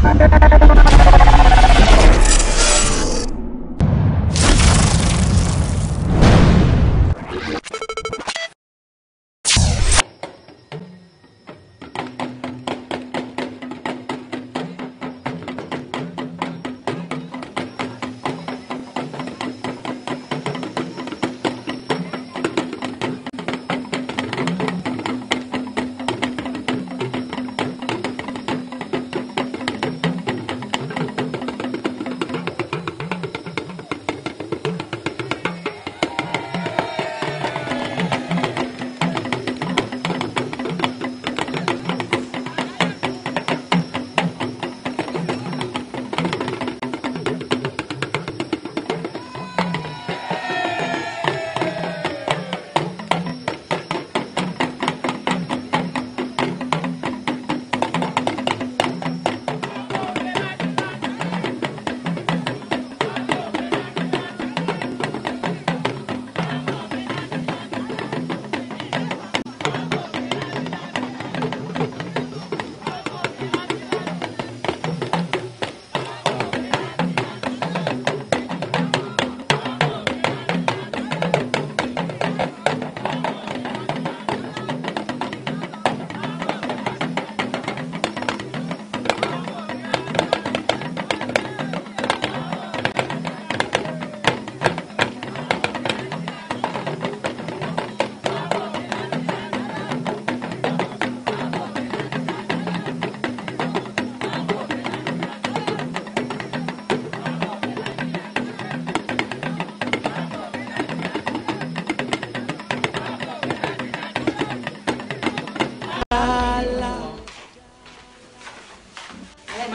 Thank you.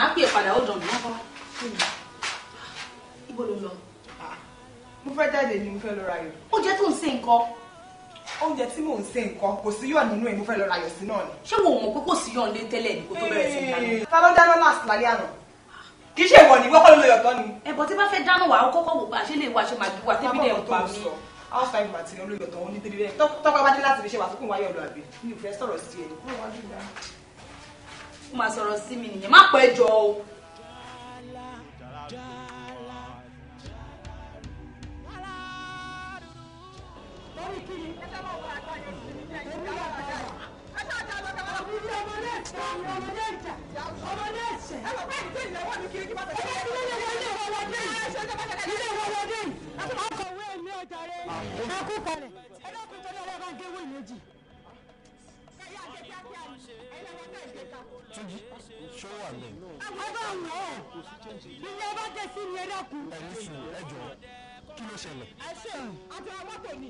máa pè é padà ó dọ̀nà lọ́kọ́. ibo ló lọ. Ah. mo fẹ́ jáde ni mo fẹ́ lọ rayọ̀. oúnjẹ tó ń ṣe nǹkan. oúnjẹ tí mò ń ṣe nǹkan kò sí yọ̀ nínú ẹ̀ mo fẹ́ lọ rayọ̀ sí náà ni. ṣé wo mọ̀ pé kò sí yọ̀ nílé tẹ́lẹ̀ ní kó tó bẹ̀rẹ̀ sí ní dáná. ta ló dáná last lálẹ́ àná kì í ṣe ìwọ ni ìwọ kọ́ ló lọ yọ̀tọ́ ni. ẹ̀bọ̀ tí bá fẹ́ dáná wà á kọ́kọ́ wò pé àṣẹ lè wà ṣe máa dùn wà tẹ́bí dẹ̀ ń pa mí outside bá dé ó máa sọ̀rọ̀ sí mi nìyẹn má pẹ́ jọ o. akókò rẹ̀ ẹ̀dá kò tọ́lé méjì. Túnjí ṣó wà lẹ. ẹ bá wọ ọ bá tẹ sí ni ẹ dákun. ẹ ní sùn ẹ jọ kí ló ṣẹlẹ̀. ẹ ṣe àti àwọn mọ́tò ni.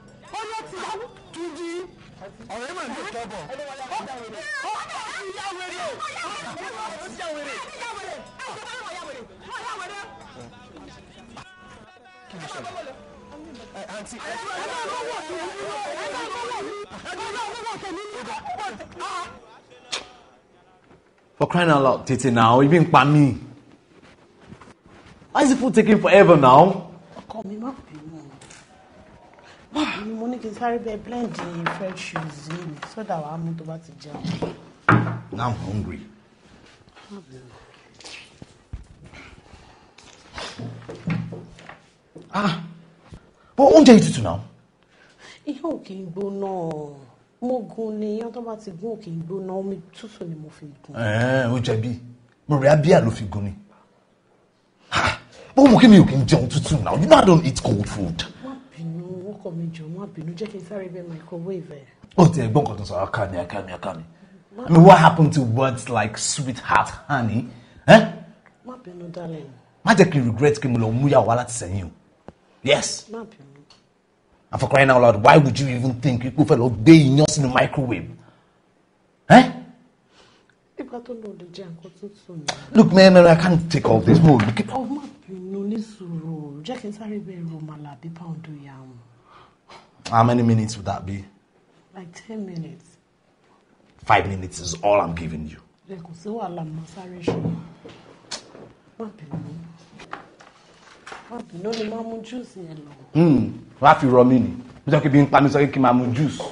oyè ti yàwó. Túnjí ọ̀rẹ́ mà ní ìtọ́bọ̀. Ó ti yà wèrè. Ó ti yà wèrè. Kí ni sọ̀rọ̀? Ẹ àǹtí ẹ. Ẹ bá lọ́wọ́ tèmi nílò. Ẹ bá lọ́wọ́ tèmi nílò. For crying out loud, tètè now, ebi ń pa mí. Why is the food taking forever now? Ọkọ mi má pè é mo ní kí n sáré bẹ blend french shoes yìí ni sódà wàá mú tó bá ti jẹun. now i'm hungry. ah bó oúnjẹ yìí tutù náà. iye òkè gbóná mo gun ni iyán tó bá ti gún òkè gbóná omi tútù ni mo fi gun. ẹ ó jẹ̀bi mo rí abíyá ló fi gun ni. bó mo kí mi ò kí n jẹun tútù náà you know i don't eat cold food ọkọ mi jọ má bínú jẹ́ kí n sáré bẹ microwave ẹ̀. ó ti ẹ̀gbọ́n kan tó sọ aka mi aka mi aka mi I mean what happened to words like sweetheart honey. Eh? má bínú darling. má jẹ́ kí n regret kí mo lọ mú yàwó láti sẹ́yìn o yes. má bínú. and for crying out loud why would you even think pípọ́ fẹ́ lọ gbé iyán sínú microwave. Eh? ìgbà tó lọ lè jẹ nǹkan tuntun ni. look man, man i can't take all this mo. ọmọ oh, bínú ní sùúrù jẹ́ kí n sáré bẹ́ẹ̀ ro màlà bí pound yà wọ́n. How many minutes would that be? Like 10 minutes. Five minutes is all I'm giving you. Kò sí wàhálà mọ́ sáré ṣe. Má bínú. Má bínú ni máa mu juice yẹn lọ. Hmm, wá fi rọ mí ni. Mo jẹ́ kí bí n pa mi sọ kí n máa mu juice.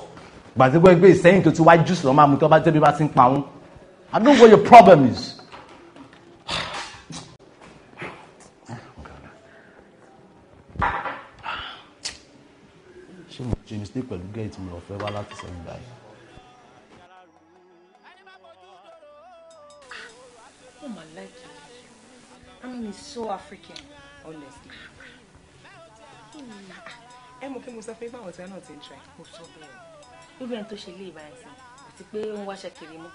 Gbàdúgbò ẹgbẹ́ ìsẹ́yìn tó ti wá juice lọ́ máa mu tó bá jẹ́ bí bá ti ń pa wọ́n. I don't know what your problem is. ṣe pẹ̀lú gẹ́ẹ̀tì mi ò wá láti sẹ́yìn báyìí. ó mà láìkí I mean he's so African honestly. Ah, ẹ mọ̀ pé mo sọ pé báwọn tí wọn náà ti ń try. mo sọ bẹ́ẹ̀ irú ẹni tó ṣe ilé ìbára ẹ̀sìn àti pé ó ń wáṣẹ́ kiri mọ́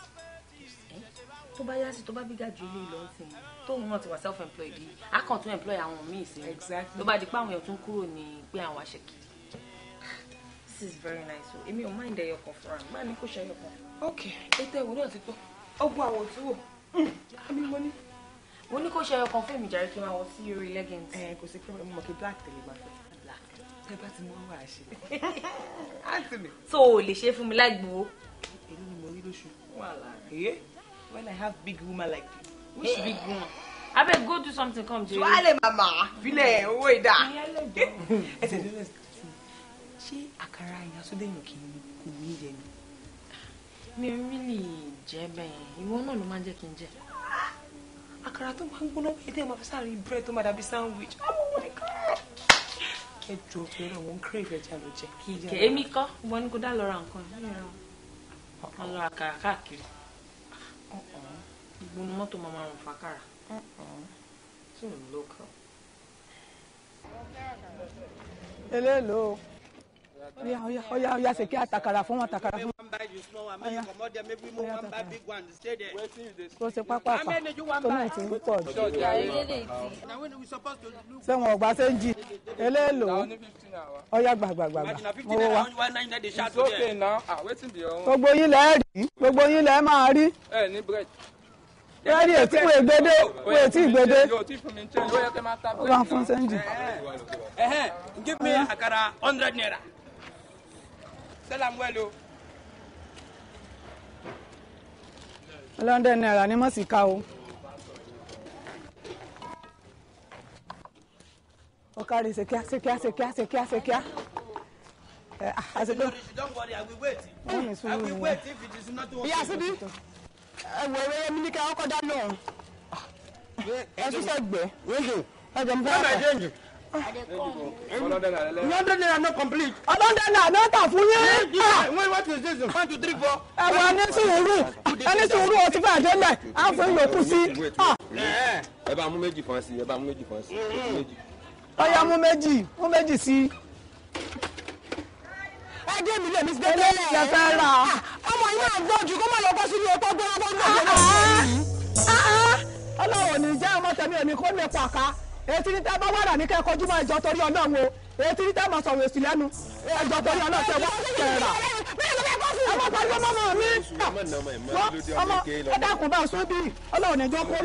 tó bá yá sí tó bá bí gàjú ilé ìlọ sí ni tóun náà ti wà self-employed yìí a kàn tún employ àwọn míì sí ló bá di pé àwọn èèyàn tún kúrò ní pé àwọn aṣèkì this is very nice o oh. èmi ò mind ẹyọ kan fúnra mi báyìí kò ṣe ẹyọ kan. ok ètò ìwé náà ti tọ́ ọgbọ́n àwọn òtún wò èmi hmm, mo ní. mo ní kó ṣe kan fún èmi jàre kí n máa wọ sí orí leggings. ẹ eh, kò sí problem mo kí black tẹ̀lé máa fẹ́ black tẹ bá ti mú wà á àǹtí mi. so o lè ṣe fún mi láì gbowó. èmi ni mo rí lóṣù. wàhálà ẹ eh? when i have big woman like you which eh. big woman. abeg go do something come jerry. tuale mama file owó ìdá. ẹ tẹ̀lé lẹ́sìn ṣé àkàrà ìyàsódéyàn kì í kò ní jẹ ni. mi ò rí lè jẹ bẹ́ẹ̀ ìwọ náà ló máa jẹ́ kí n jẹ. àkàrà tó máa ń gbóná bẹ́ẹ̀ tí ẹ máa fi sáré búrẹ́dì tó máa dàbí sandwich. Oh ẹ jọ pé àwọn crave ẹja ló jẹ. kìkẹ́ èmi kọ́ wọn ni kò dá lọ ra nǹkan wọn lọ àkàrà káàkiri ìgbónú mọ́tò máa máa rùn fàkàrà tí ò ń lókàn. eléèlò yeah, oya oya oya oya seke atakara fún yeah, takara fún wọn. oya oya takara kò sí pápá àpà tó náà ti ń pọ̀ jù. sẹ́wọ̀n ọ̀gbà ṣe ń jí eléèlò oya gbàgbàgbàgbà mo wọ ah, wa. gbogbo yín lẹ́ẹ̀ rí gbogbo yín lẹ́ẹ̀ máa rí rẹ́ẹ̀dì ètí wo ègbédé wo ètí ìgbédé ó bá ń fún sẹ́ńjì. give me àkàrà hundred naira sẹ́làmù wẹ́lì o. Oh. ọlọ́dẹ náírà ni mo sì ká o. ọkàrí ṣe kíá ṣe kíá ṣe kíá ṣe kíá ṣe kíá. àṣepé wọ́n mi sùn lù wọ́n. ìyá síbí ẹ̀wọ̀ ẹ̀wọ̀ mi ní kí a kọ́ dá lọ́rùn. ẹ tún sẹ́gbẹ̀ẹ́. ọjọ́ mi hundred naira no complete. hundred naira no ta fún yín. wait what is this one two three four. ẹ wọ ẹni sùúrù ẹni sùúrù o ti fẹ́ àjọ lẹ̀ á fún yòókù sí. ẹ bá mú méjì fún ẹ sí ẹ bá mú méjì fún ẹ sí. ọya mú méjì mú méjì sí ẹdín mi lè mi síbẹ̀ tẹ́lẹ̀. eléyìí lè fẹ́ ra. Ah, ọmọ yìí náà gbọ́ ju kó má lọ bọ́ sínú ọkọ̀ gbọ́dọ̀ gbọ́dọ̀. ọlọ́run ò ní jẹ́ ọmọ tẹ̀mí ò ní kó lè pàká. etí ní tẹ́ bá wàrà ní kẹ́kọ̀ọ́ jùmọ̀ ẹjọ́ torí ọlọ́run o etí ní tẹ́ mọ̀ sọ̀rọ̀ èsì lẹ́nu ẹjọ́ torí ọlọ́run tẹ́ wá kẹ̀rà. ọmọ pariwo mọ́mọ́ mi ọmọ ẹ̀dàkùn bá sún bí kó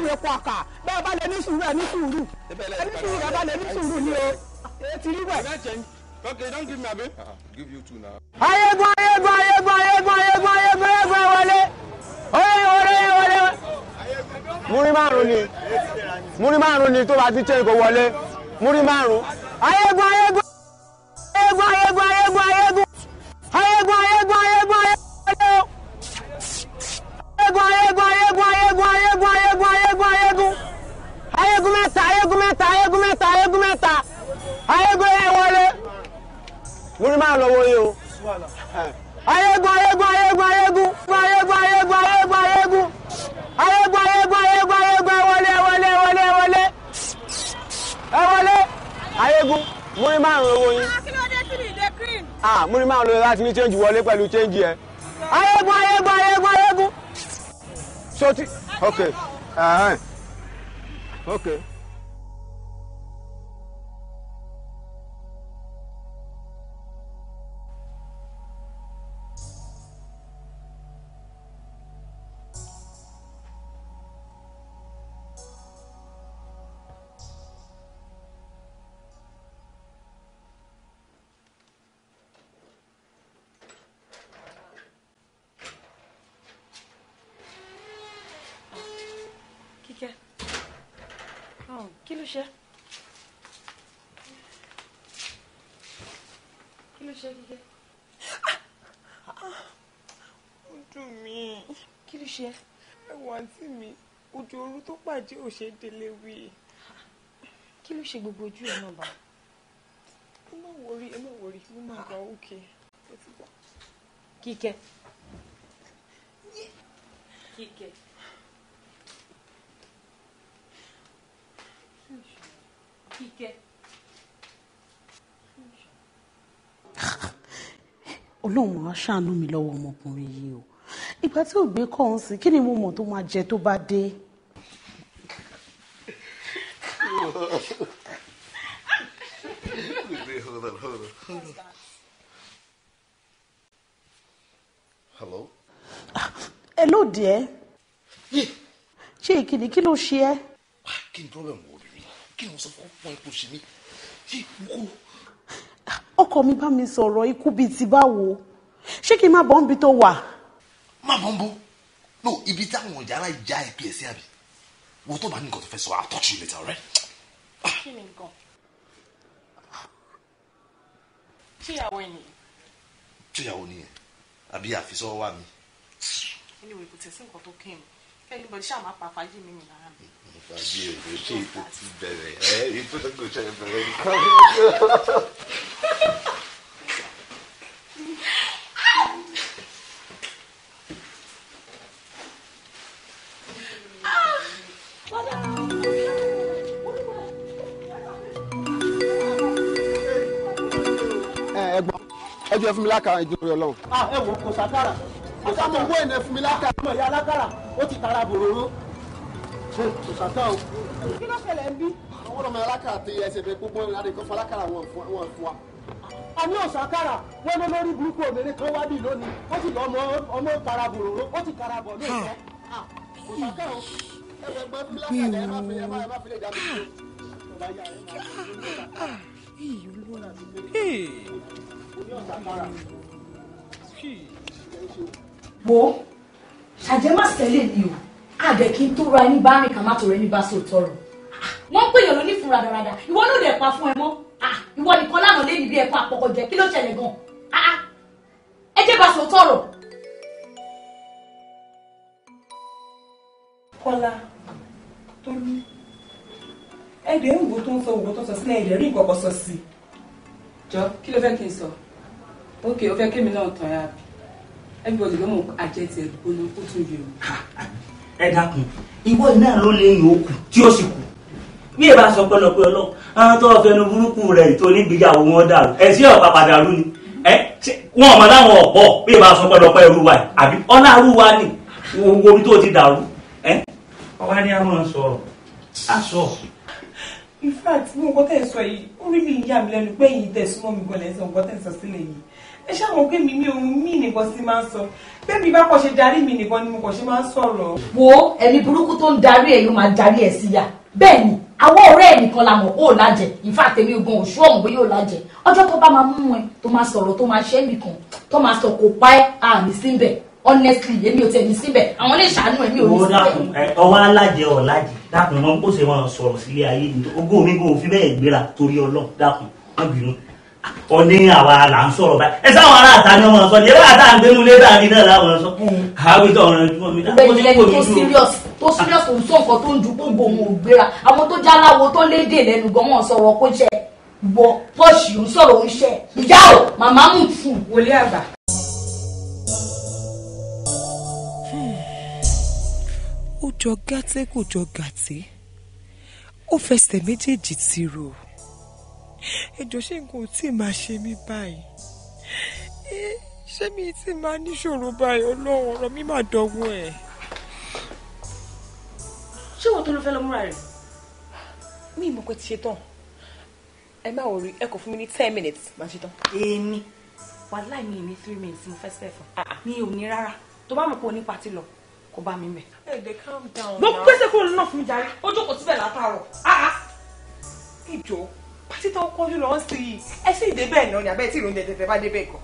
lu epo àkà bá ní sùúrù ní sùúrù ní sùúrù bá ní sùúrù o etí ní a bit. Ah, múrí márùn ni tó bá ti change kó wọlé múrí márùn. ayégun ayégun ayégun ayégun ayégun ayégun ayégun ayégun ayégun ayégun ayégun ayégun ayégun ayégun ayégun ayégun ayégun ayégun mẹ́ta ayégun mẹ́ta ayégun mẹ́ta ayégun mẹ́ta ayégun yẹn wọlé múrí márùn lọ́wọ́ yìí o ayégun ayégun ayégun ayégun ayégun ayégun ayégun ayégun ayégun ayégun. ayégún múrí márùn owó yín. akílódé ah, tí ni ìdè cream. ah múrí márùn lórí láti ní change wọlé pẹ̀lú change yẹn. ayégún ayégún ayégún ayégún. sotí ah, ok. Uh -huh. okay. Àbíkẹ́ kí ló ṣe kí ló ṣe Kíkẹ́. ó dùn mí. kí ló ṣe. ẹwà àǹtí mi ojú ooru tó pàdé ò ṣe délé wí. kí ló ṣe gbogbo ojú ẹ̀ náà bá. ẹ má wọrí ẹ má wọrí mo máa gba òkè Kíkẹ́. Kíkẹ́. Kíkẹ́. Ọlọ́run máa ṣàánú mi lọ́wọ́ ọmọkùnrin yìí o ìgbà tí ògbé kọ́ ń sìn kí ni mo mọ̀ tó máa jẹ tó bá dé. Hold on, hold on, hold on. Hello? Hello, dear. Yeah. Ṣé ìkíni kí ló ṣe ẹ́? Kí ni problem wo kí ni mo sọ fún ipò ṣe mí yìí kú. ọkọ mi bá mi sọ̀rọ̀ ikú bíi ti báwo ṣé kí n má bọ́ǹbì tó wà. má bọ́ǹbù no ibi táwọn ọ̀jà ara ìjà ẹ̀pì ẹ̀ sí àbí wo tó bá ní nǹkan tó fẹ́ sọ I'll touch you later alright. kí ni nǹkan tíyàwó ẹ̀ nìyẹn. tíyàwó nìyẹn àbí àfisọ́wọ́ wà mí. anyway kò tẹ̀sí nǹkan tó kí mi anybody ṣáà má pa fàájì mi mi lára mi. fàájì èdè ṣé ipò ti bẹ̀rẹ̀ ẹ ipò tó kò ṣe bẹ̀rẹ̀ nǹkan. ẹ gbọ́n ẹ jẹ́ fún mi lákàá ìdúró ọlọ́run. Ah, ẹ wò kò sàkárà ó sá mọ owó ẹ̀nà fún mi látà ọmọ ìyá alágbára ó ti tara bòróró o. kí ló ṣẹlẹ̀ ń bí. àwọn ọmọ alákàrà tó yẹ ẹsẹ̀ fẹ́ gbogbo ìlànà ìkọ́fọ́ alákàrà wọn fún wa àní òsàkárà wọn ló lórí burúkú obìnrin kan wá bí lónìí ó sì lọ ọmọ ọmọ para bòròró ó ti kara bọ̀ lóòótọ́ òsàkárà ẹgbẹ́ gbọ́ fúlákàdé ẹ ẹ má fi lè dá mi lórí wo ṣàjẹmásẹ̀lẹ̀ ni o àgbẹ̀ kí n tó ra ẹni bá rìn kà má tó ra ẹni bá ah, wọ́n fún radarada ìwọ ló dẹ̀ pa fún ẹ mọ́ ah, ìwọ nìkan lánàá lé níbi ẹ̀kọ́ gan ah, ẹ jẹ́ bá kọ́lá tolú ẹgbẹ́ ń wo tó ń sọ òwò tó sọ rí sọ sí i. jọ kí ló fẹ́ kí n sọ ókè ó fẹ́ kí mi náà tàn everybody ló mọ àjẹtì ẹgbóná ó tún yẹ o. ẹ dákun ìwọ náà ló lè yàn òkú tí ó sì kú bí ẹ bá sọ pẹlọpẹ ọlọ àwọn tó fẹnu burúkú rẹ tó nígbìyàwó wọn dàrú ẹ sí ọ̀pá padà rú ni ẹ wọn ọmọ láwọn ọ̀pọ̀ bí ẹ bá sọ pẹlọpẹ ẹrú wa àbí ọlá rú wa ni wo omi tó ti dàrú ẹ ọwọ́ ni a máa sọ̀rọ̀ a sọ. in fact mo nǹkan tẹ̀ sọ yìí ó rí mi ìyá mi lẹ́nu pé èyí tẹ̀ súnmọ́ mi gan lẹ́sìn nǹkan tẹ̀ sọ sílẹ̀ yìí ẹ ṣáà mọ̀ pé mi ní ohun mí nìkan sí máa ń sọ bẹ́ẹ̀ mi bá kọ́ ṣe darí mi nìkan ni mo kàn ṣe máa ń sọ̀rọ̀. wo ẹni burúkú tó ń darí ẹ yóò máa darí ẹ síyà bẹ́ẹ̀ ni àwọn ọ̀rẹ́ ẹ̀ nìkan la mọ̀ ó lájẹ ìfà tèmi gan òṣù ọ̀hún bóyá ó lájẹ ọjọ́ tó bá máa mú ẹ tó máa sọ̀rọ̀ tó máa ṣẹ́ nìkan tó máa sọ kò pa ẹ́ àmì síbẹ̀ honestly èmi ò tẹ̀mí síbẹ̀ àwọn lè ṣàánú èmi ò ní síbẹ̀. ọwọ́ alájẹ ọ̀làjẹ dákun mọ́ kó ṣe máa sọ̀rọ̀ sílé ayé ogún mi kò fi bẹ́ẹ̀ gbéra torí ọlọ́run dákun má bínú ó ní àwa là ń sọ̀rọ̀ báyìí ẹ sáwọn ará àta ni ọmọ sọ ni ẹ bá àtà ń gbénu lé dáadé náà láwọn sọ mm. àwí tó ọ̀rọ̀ ẹjú mi. bẹ́ẹ̀ni lẹni tó serious tó serious kò ń sọ nǹkan tó ń ju gbogbo òun ò gbéra àwọn tó jáláwo tó léde lẹ́nu gan wọn sọ̀rọ̀ kó jẹ gbọ pọọsì ń sọ̀rọ̀ O ṣe ìyá o màmá mú fún. wòlé àgbà. ó jọ gàtẹ́ kò jọ gàtẹ́ ó fẹsẹ̀ méjèèjì ti rò ẹjọ́ ṣé nǹkan ò tí ì máa ṣe mí báyìí ṣé mi ti máa níṣòro báyìí ọlọ́run ọ̀rọ̀ mi máa dọ̀wọ́ ẹ̀. ṣé wọn tó ló fẹ́ lọ múra rẹ̀ mi ì mọ̀ pé ti ṣe tán ẹ má wòrí ẹ kò fún mi ní ten minutes máa ṣe tán. èmi wàláì mi ì three minutes mo fẹ́ spare fún ah, ah. mi ò ní rárá tó bá mọ̀ pé o ní lọ kó bá mi mẹ́. ẹ calm down. mo pèsè kúrò lọ́nà fún mi jàre ó jókòó síbẹ̀ látàárọ̀. ìjọ. Ah, pátí tó kọjú lọ ń sí i ẹ sì dé bẹ́ẹ̀ náà ni àbẹ́ẹ̀ tí ìròyìn tẹ̀tẹ̀ bá dé bẹ́ẹ̀ kọ́.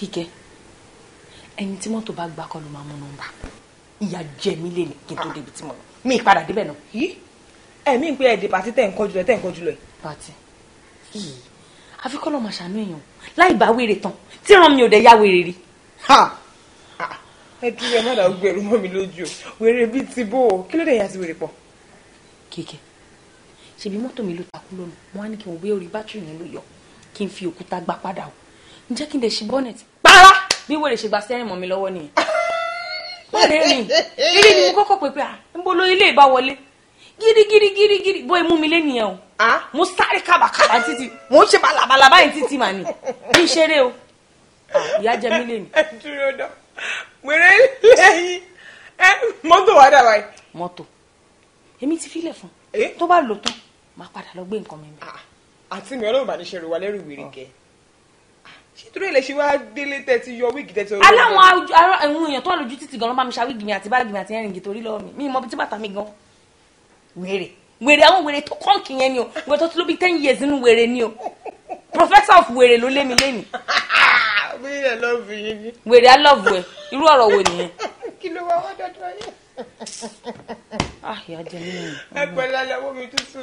kíkẹ́ ẹni tí mọ́tò bá gbà kọ́ ló máa mú nọ́mbà ìyá jẹ mí lè ní kí n tó débi tí mo lọ mi ìpadà débẹ̀ náà. yìí ẹ̀mí ń pé ẹ̀dì pàtí tẹ̀ ń kọjú lọ tẹ̀ ń kọjú lọ yìí. pàtí yìí àfikọ́ lọ́ọ́ máa ṣàánú èèyàn láì bá wèrè tán tí ràn mí ò dẹ̀ yá wèrè rí. ẹ dúró ẹ má dàá gbẹrù mọ́ mi lójú o wèrè bíi ti bó o kí ló dé yẹn àti wèrè pọ̀. kíkẹ́ ṣebí mọ́tò mi ló takú lónìí mo á ní kí n wọ bí orí bátìrì yẹn ló yọ kí n fi òkúta gbá padà o ǹjẹ́ kí n lè ṣí bonnet para bí wèrè ṣe gba steering mọ́ mi lọ́wọ́ nìyẹn má lè rìn gírí ni mo kọ́kọ́ pè pé à ah, ń bolo ilé ìbá wọlé gírí gírí gírí gírí bó imú mi lé nìyẹn o mo sáré kábàkábà títí mo ń ṣe bàlàbàlà báyìí títí mà ní bí ṣeré o ìyá jẹ mí lé mi. ẹ dúró dán wẹrẹ lẹ́yìn ẹ mọ́tò wà dà báyìí. mọ́tò èmi ti filẹ̀ fún eh? tó bá lò tán máa padà lọ gbé nǹkan mi. àti mi ọlọ́run bá ní ṣe rò lẹ́rù wèrè kẹ́ẹ́ ṣètúrò ilẹ̀ ṣe wáá délé tẹ̀tí yọ wíìgì tẹ̀tí orí. aláwọn àwọn èèyàn tó wà lójú títì gan-an bá mi ṣa wíìgì mi àti báàgì mi àti ẹ̀rìngì torí lọ́wọ́ mi mi mọ tí bàtà mi gan. wèrè wèrè àwọn wèrè tó kọ́ǹkì yẹn ni o wèrè tó ti ló bí ten years nínú wèrè ni o professor of wèrè ló lé mi lẹ́nu. mi ì lọ́ọ̀bù yín ni. wèrè love lọ́ọ̀bù ẹ irú ọ̀rọ̀ wo nìyẹn. kí ló wá wá dọ́dọ̀ yẹn. Ah, ẹ pẹ̀lú alẹ́ wọ́n mi tútù.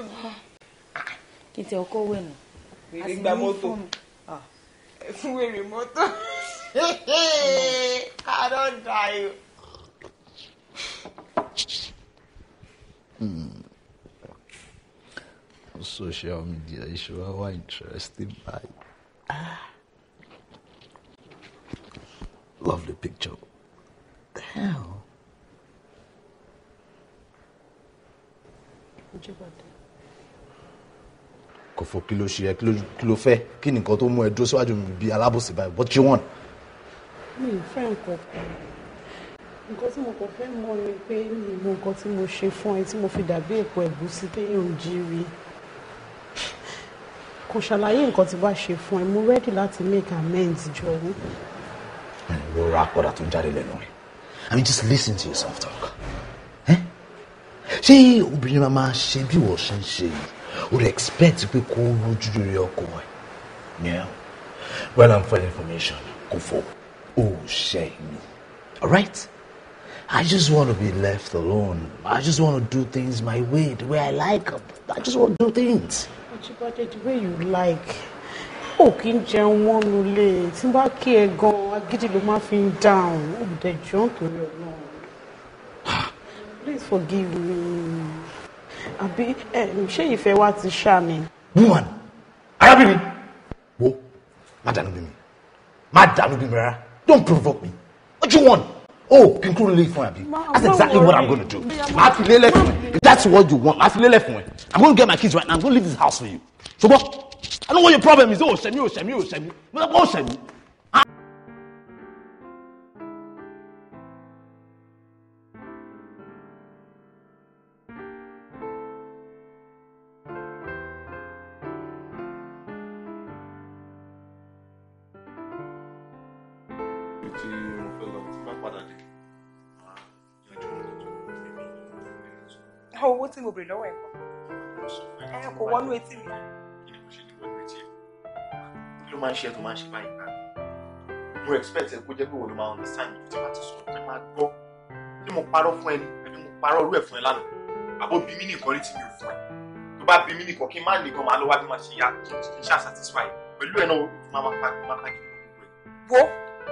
Ah, kí n tẹ ọkọ wẹ̀ nù fún wèrè mọ́tò I don't die. Hmm. Social media is sure interesting, but lovely picture. How? Would you want kò fò kí ló ṣe ẹ kí ló fẹ́ kí nìkan tó mú ẹ dúró síwájú mi bíi alábòsí báyìí what you want. mi ò fẹ́ nǹkan kan nǹkan tí mo kàn fẹ́ mọ̀ ni pé mi mọ nǹkan tí mo ṣe fún ẹ tí mo fi dàbí èpo ẹ̀gúsí téèyàn ò jí rí kò ṣàlàyé nǹkan tí bá ṣe fún ẹ mo rẹ́dì láti make amends jọ̀wọ́. ló ra àpọ̀dà tó ń jáde lẹ́nu rẹ̀ I mean just listen to yourself talk ṣé obìnrin máa ṣe bí wọ́n ṣe ń ṣe yìí would expect pé kó rojú rere ọkọ ẹ yeah well i'm for information kò fọ o ṣe mi alright i just want to be left alone i just want to do things my way the way i like i just want to do things. Ajibade the way you like ó kì í jẹun wọn nulẹ̀ tí n bá kí ẹ gan agídí ló máa fi ń dáhùn olùdẹjọ́ nítorí ọlọ́run please forgive me àbí ṣé ìfẹ́ wa ti ṣá mi. woman arábìnrin wo má dànù bí mi má dànù bí mi rárá don't provoke me what you want oh kí n kúrò lè fún ẹ àbí that's exactly what i'm gonna do màá fi lélẹ̀ fún ẹ if that's what you want màá fi lélẹ̀ fún ẹ i'm gonna get my kids right now i'm gonna leave this house for you ṣùgbọ́n i know what your problem is ó oh, ṣẹ̀mí ó oh, ṣẹ̀mí ó oh, ṣẹ̀mí mo sọ pé ó ṣẹ̀mí. mo bèrè lọ́wọ́ ẹ̀kọ́. wọnú etí mi. kí ló máa ń ṣe tó máa ń ṣe báyìí bá mo expect ẹ kó jẹ́ pé wo ló máa understand mi tí wọ́n ti sọ ẹ máa gbọ́ ni mo parọ́ fún ẹ ni àbí mo parọ́ orú ẹ̀ fún ẹ lánàá àbó bí mí nìkan rí tí mi ò fún ẹ tó bá bí mí nìkan kí n má nìkan máa lọ bí máa ṣe yá kí n ṣáà satisfy pẹ̀lú ẹ náà máa máa pa máa pa kí gbogbo ẹ. wo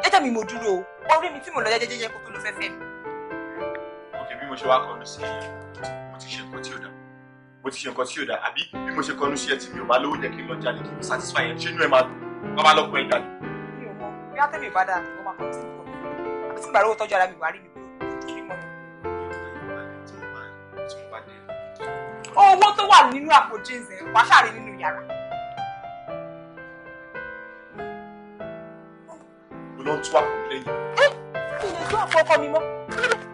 jẹ́jẹ́ mi mo dúró o orí mi tí mo lọ jẹ́jẹ́ jẹ́jẹ́ kó tó lọ fẹ́ mi. òkè bí mo ṣe wá kọlu sí i mo ti ṣe nǹkan tí ò dá mo ti ṣe nǹkan tí ò dá àbí bí mo ṣe kọnu sí ẹ tí mi ò bá lówó jẹ kí n lọ jalè kí n satisfy ẹ ṣé inú ẹ máa dùn bàbá lọkùnrin ẹ jalè. mi ò mọ bí a tẹ̀mí ìbàdàn àti ọmọ àkọ́tí mi kò ní àbí tí gbàrúwò tọ́jú ara mi wà rí mi kúrò owó tó wà nínú àpò jeans ẹ wàá nínú yàrá. mo lọ tún àpò lẹ́yìn. ẹ kí ni ojú àpò ọkọ mi mọ́.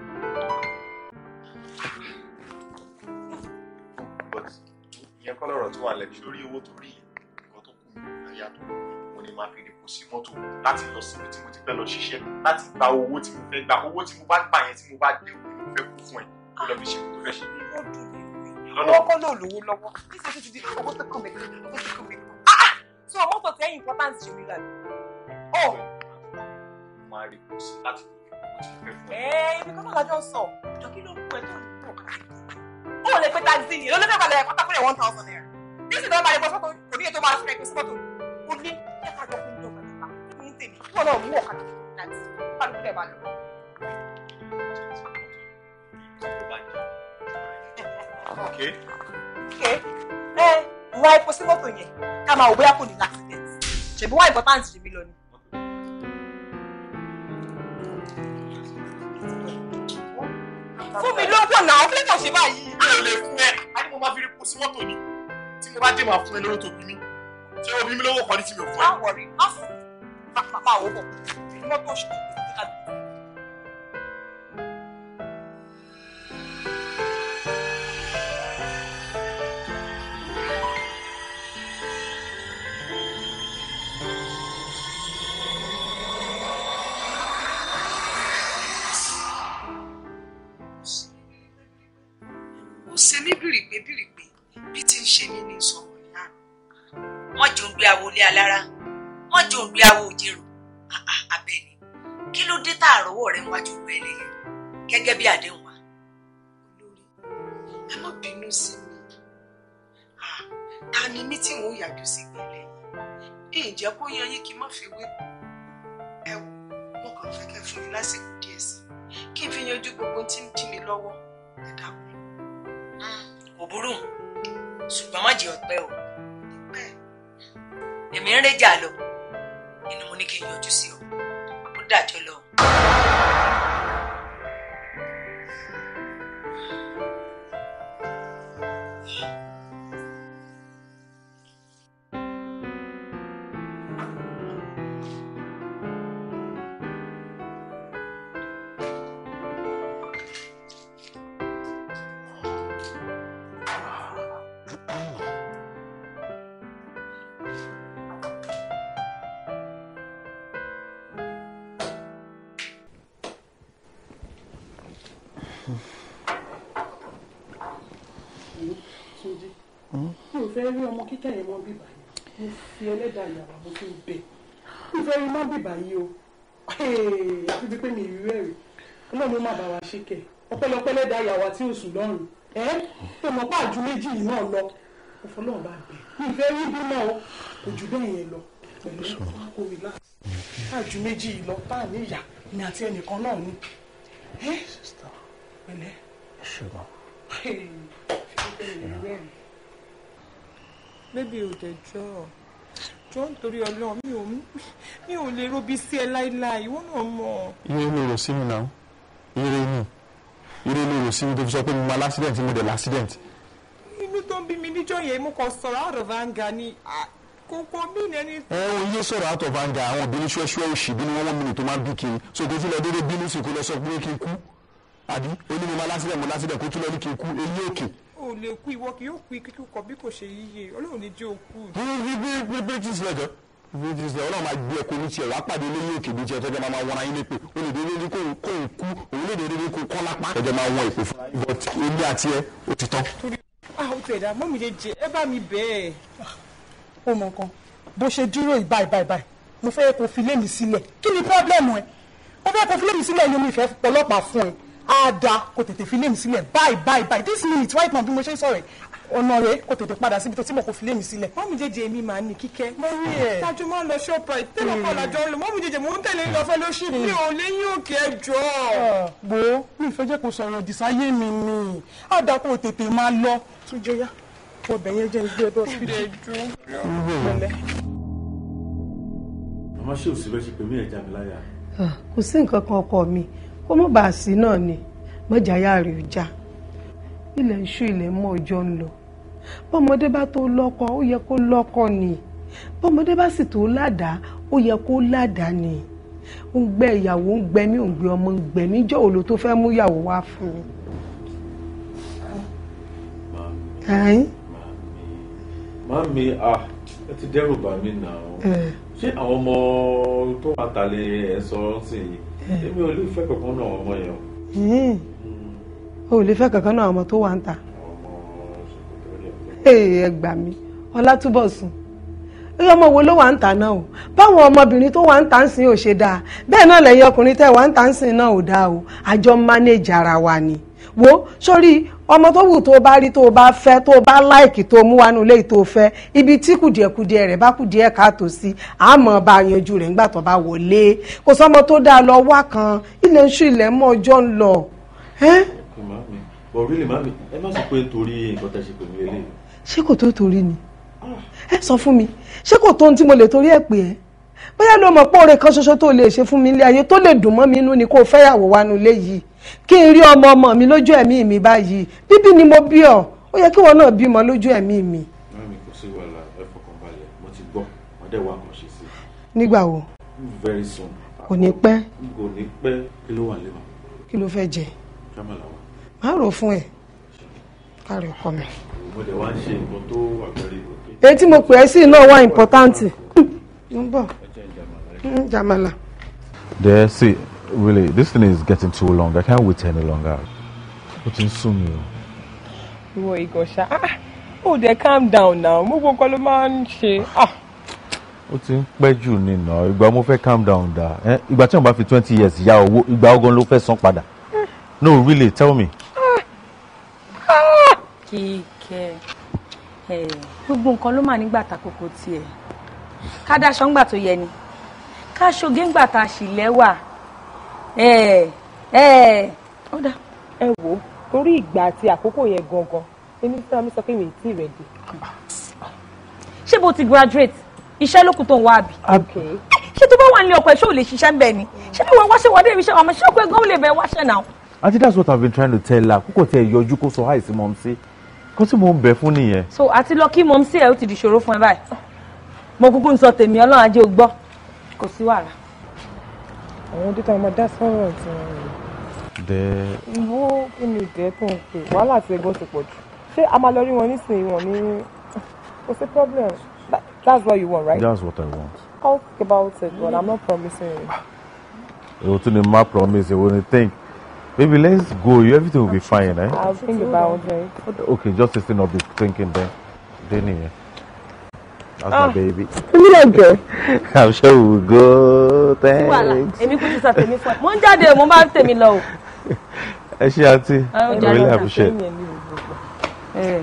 ìyẹn kọ́ lọ́rọ̀ tó wà lẹ́nu sórí owó tó rí nǹkan tó kù àyà tó kù mo ní máa fi rèpo sí mọ́tò láti lọ síbi tí mo ti fẹ́ lọ ṣiṣẹ́ láti gba owó tí mo fẹ́ gba owó tí mo bá gbà yẹn tí mo bá dé òun mo fẹ́ kú fún ẹ kó lọ fi ṣe kó fẹ́ ṣe. ọwọ́ kọ́ náà lówó lọ́wọ́ níṣẹ́ tó ti di owó tó kàn mí owó tó kàn mí. Ah, ah! so mọ́tò tẹ́ importance ṣe nígbà mi. ó máa rèpo sí láti lọ fi owó tí mo fẹ́ fún ẹ. ẹ eh, ibi kan náà lájọ sọ ọjọ́ kí ló ń pẹ́ tó ń pọ̀ káàkiri. Ah! kó o lè pe taxi yìí lọ́lọ́fẹ́ balẹ̀ ẹ̀kọ́ tá fún ẹ̀ one thousand naira jésù náà máa lè bọ́ sọ́tò kò ní ètò máa fún ẹ̀ pé sọ́tò ó ní ẹ̀ka lọ fún ìjọba nípa ní tèmi kí wọn náà mú ọ̀kadà láti kálukú ẹ̀ bá lọ. Okay. Okay. ẹ wá epo sí mọ́tò yẹn ká máa wò bóyá kò ní accident ṣèbí wá important ṣèbí lọ ni. fún mi lówó náà ó fẹ́ kàn ṣe báyìí mi ò lè fún ẹ á mo máa fi rí kú sí ni tí mo bá dé máa fún ẹ lówó tó mi ṣé o bí mi lówó kan ní tí mi ò fún ẹ. má wọrí má fún mi má má owó mọ́tò ṣe. Túnjí fẹ́ rí ọmọ kíkẹ́ yẹn mọ́ bíbá yìí mo fi ẹlẹ́dàá ìyàwó mo fi bẹ̀ mi fẹ́ rí mọ́ bíbá yìí o àfi bíi pé mi ìrírí ẹ̀rí ọlọ́run má bá wa ṣe kẹ̀ ọpẹ́lọpẹ́ lẹ́dàá ìyàwó àti oṣù lọ́rùn ẹ̀ tó mọ̀ pé méjì yìí náà lọ ọ̀fọlọ́run bá bẹ̀ mi ìfẹ́ rí bí náà o kò jù bẹ́ẹ̀ yẹn lọ pẹ̀lú kò relax àjù méjì yìí lọ tá à ni àti ẹnìkan náà ni pẹ̀lẹ́. ṣùgbọ́n. bébí ò dẹjọ́ jọ nítorí ọlọ́run mi ò mi ò lè robi sí ẹ láíláí ìwọ náà mọ̀. iye ló rò sí mi náà ire mi ire ló rò sí mi tó fi sọ pé mo máa l'accident mo dẹ̀ l'accident. inú tó ń bí mi níjọ́ yẹn mo kàn sọ̀rọ̀ out of anger ni kókó mí lẹni. ẹ ò yé sọ̀rọ̀ out of anger àwọn obìnrin ṣúẹ́ṣúẹ́ òṣì bí ni wọ́n wọ́n mi nì tó máa bí kiri so kò fi lọ bínú sí kó lọ sọ pé kí n kú àbí onímọ̀ lásìlẹ̀ mọ̀ lásìlẹ̀ kó tún lọ ní kí n kú eyín òkè. o lè kú ìwọ kì yóò kú kíkú kọ bí kò ṣe yíyẹ ọlọ́run ní jẹ́ òkú. bí bí bí bí tí ìsìlẹ̀ kan bí tí ìsìlẹ̀ ọlọ́run máa gbé ẹ̀kọ́ ní tiẹ̀ wá pàdé lórí òkè bí tiẹ̀ tọ́jà máa wọra yín lépè o lè dédé ní kóun kóun kú òun lè dédé ní kóun kọ́ lápá. tọ́jà máa wọn ìpè fún but ilé àti ẹ ó ti tán. torí àwọn tẹ̀ dá mọ́mí jẹ jẹ ẹ bá mi bẹ́ẹ̀. ó á da kò tètè fi lémi sílẹ̀ báyìí báyìí báyìí this minute right now bí mo ṣe ń sọ̀rọ̀ ẹ̀ ọ̀nà rẹ̀ kò tètè padà síbi tó tí mo kò fi lémi sílẹ̀. mọ́mú jẹjẹ mi máa ní kíkẹ́. mo rí ẹ̀. tájú máa ń lọ Shoprite tẹ́lẹ̀ kọ́ làjọ ń lò mọ́mú jẹjẹ mò ń tẹ̀lé lọ fẹ́ lóṣù hmm. mi ò léyìn òkè ẹjọ́. gbó ah, mi ìfẹ́ jẹ́ kó sọ̀rọ̀ òdìsáyé mi ni á da tètè máa lọ. túnjọ jẹ́ ìgbé ẹbọ kó mọ̀ bá a sí náà ni mọ̀jà yá rè ó já ilẹ̀ ń ṣú ilẹ̀ mọ́ ọjọ́ ń lọ bọ́mọdé bá tó lọ́kọ ó yẹ kó lọ́kọ ni bọ́mọdé bá sì tó ládàá ó yẹ kó ládàá ni ó ń gbẹ ìyàwó ń gbẹmí ò ń gbé ọmọ ń gbẹmí jọ òòlù tó fẹ́ mú ìyàwó wá fún mi. màmí màmí ah ẹ ti dẹ́rù bà mí nà ó ṣé àwọn ọmọ tó wà tálẹ̀ ẹ̀ sọ ọ́ sí i. Eh. èmi ò lè fẹ́ kankan náà ọmọ yẹn eh. hmm. o. ò lè fẹ́ kankan náà ọmọ tó wà ń ta. Eh, ẹ gbà mí Ọlátúbọ̀sún ọmọ wo ló wà ń ta náà o báwọn ọmọbìnrin tó wà ń ta ń sìn ò ṣe dáa bẹ́ẹ̀ náà lẹ́yìn ọkùnrin tẹ́ wà ń ta ń sìn náà ò dáa o àjọ mánéjà ara wa ni wo sórí ọmọ tó wù tó bá rí tó bá fẹ́ tó bá láìkì tó mú wánú ilé tó fẹ́ ibi tí kùdìẹ̀kùdìẹ̀ rẹ̀ bá kùdìẹ̀ káàtó sí àmọ́ bá yanjú rẹ̀ nígbà tó bá wọlé kò sọ́mọ tó dáa lọ wá kan ilẹ̀ ń ṣú ilẹ̀ mọ́ ọjọ́ ń lọ. bọ̀rí lè má mi ẹ má sọ pé torí nǹkan tẹ́ ṣe pè mí lélẹ̀. ṣé kò tó torí ni ah. ẹ sọ fún mi ṣé kò tó ohun tí mo lè torí ẹ pè ẹ bóyá ló mọ̀ pé kan ṣoṣo tó lè ṣe fún mi ilé ayé tó lè dùn mọ́ mi inú ni kó o fẹ́yàwó wánú ilé yìí kí n rí ọmọ ọmọ mi lójú ẹ̀mí mi báyìí bíbí ni mo bí ọ ó yẹ kí wọn náà bímọ lójú ẹ̀mí mi. mami kò sí wàhálà ẹ fọkàn balẹ̀ mo ti gbọ́ wọn dẹ̀ wá àkànṣe sí nígbà wo. very soon. kò ní pẹ́. kò ní pẹ́ kí ló wà lé wa. kí ló fẹ́ jẹ. jámàlà wa. má rò fún ẹ kárí ọkọ mi. mo dẹ̀ wá ń ṣe nǹkan tó wà pẹ̀lú ìwé. èyí tí mo pè é sí náà wá ìmpọ́táǹtì. ń bọ̀ ń jàmàlà. dẹ́ẹ́ sí really, this thing is getting too long. I can't wait any longer. Ó ti ń sún mi o. Ìwọ Igor ṣá, ah, ó dẹ̀ calm down now, Move on, ló máa ń ṣe. Ah. Ó ti ń pẹ́ jù nínà, ìgbà mo fẹ́ calm down dà. Ìgbà tí wọ́n bá fi twenty years ya owó, ìgbà ogun look for some padà. No, really, tell me. Ah. Kíkẹ́, gbogbo nǹkan ló mà nígbà takoko tiẹ̀. Ká dáṣọ Kada tó yẹ ni, ká ṣoge ńgbà tá a ṣì lẹ́wà ọ̀dà ẹ wò ó torí ìgbà àti àkókò yẹn gangan èmi fúnra mi sọ pé mi ì tí ì rẹ̀dì. ṣé bó ti graduate iṣẹ́ lókun tó ń wá àbí. ṣé tó bá wà nílé ọkọ ẹ̀ ṣé ò lè ṣiṣẹ́ ń bẹ̀ ni ṣé bí wọ́n wáṣẹ́ wọ́n dé ibi iṣẹ́ wọn àmọ́ ṣé ọkọ ẹ̀ lè bẹ̀ wáṣẹ́ náà. àti that's what I've been trying to tell her kókò tẹ yọjú kó sọ àìsí mọ́ sí kó tí mò ń bẹ̀ fún nìyẹn. so àti lọ kí mọ́ sí ẹ̀ ó ti dìṣòro fún ẹ báyìí mo kúkú ń sọ tèmi ọlọ́run ajé ò gbọ́ kò sí wàhálà àwọn dókítà máa dá sọ̀rọ̀ tí wọ́n rìn. dẹ. ìwọ kí ni ìdẹ́kùn pé wàhálà àti ẹ̀gbọ́n ti pọ̀ jù ṣé a máa lọ rí wọn nísìnyí wọn ní kò sí problem that, that's what you want right. that's what I want. I'll think about it but I'm not promising you. èwo tún ni má promise èwo ni think baby let's go you everything will be fine. Eh? I'll think about it. okay just still not be thinking then. then nìyẹn. That's oh. my baby. I'm sure we will go. Thanks. Emi kò ti sa tèmi fún ẹ. Mo ń jáde mo máa ń tèmi lọ o. Ẹ ṣé àǹtí. I really appreciate it.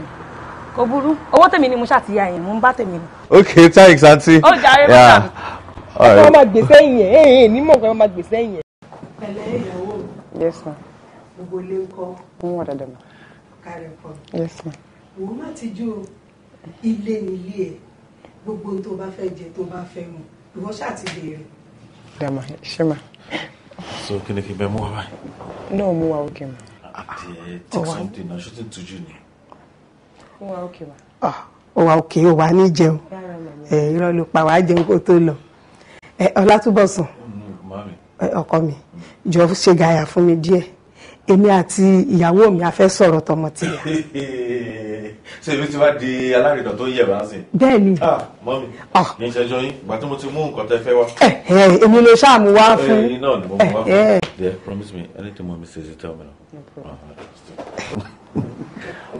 Kò burú. Owó tèmi ni mo ṣàtìyà yẹn. Mo ń bá tèmi. Okay, thanks àǹtí. Ó jàre bàbá mi. Ẹ kọ́ máa gbèsè yẹn. Ẹ ẹ ní mọ̀ kọ́ máa gbèsè yẹn. Pẹ̀lẹ́ ìyàwó. Yes ma. Gbogbo ilé ń kọ́. Mo wà dáadáa ma. Kárẹ̀ pọ̀. Yes ma. Wò ó má ti jó ilé nílé ẹ̀ gbogbo tó bá fẹ́ jẹ tó bá fẹ́ mu ìwọ ṣáà ti béèrè. dàmà ṣé ma. so kí ni kí bẹ mú wa báyìí. náà mú wa òkè ma. àti ẹ take something náà ṣó ti ń tujú ni. mú wa òkè ma. Ah, ó wà òkè ó wà ní jẹun irọ́ ló pa wàá jẹun kó tó lọ ọlátúbọ̀sùn mm, ọkọ mi jọ ṣe gàyà fún mi díẹ̀ èmi àti ìyàwó mi a fẹ́ sọ̀rọ̀ tọmọtìyà. ṣé ibi tí wàá di alárìndàn tó yẹ̀ wá sí. bẹ́ẹ̀ni. Ah, mọ́mí ah. kì í ṣẹjọ́ yín ìgbà tí mo ti mú nǹkan tẹ́ fẹ́ wá. Eh, eh, èmi ló ṣàmú wá eh, fún. ẹyin náà ni mo mú wá fún. there promise me anything mommy says you tell me now. Uh-huh.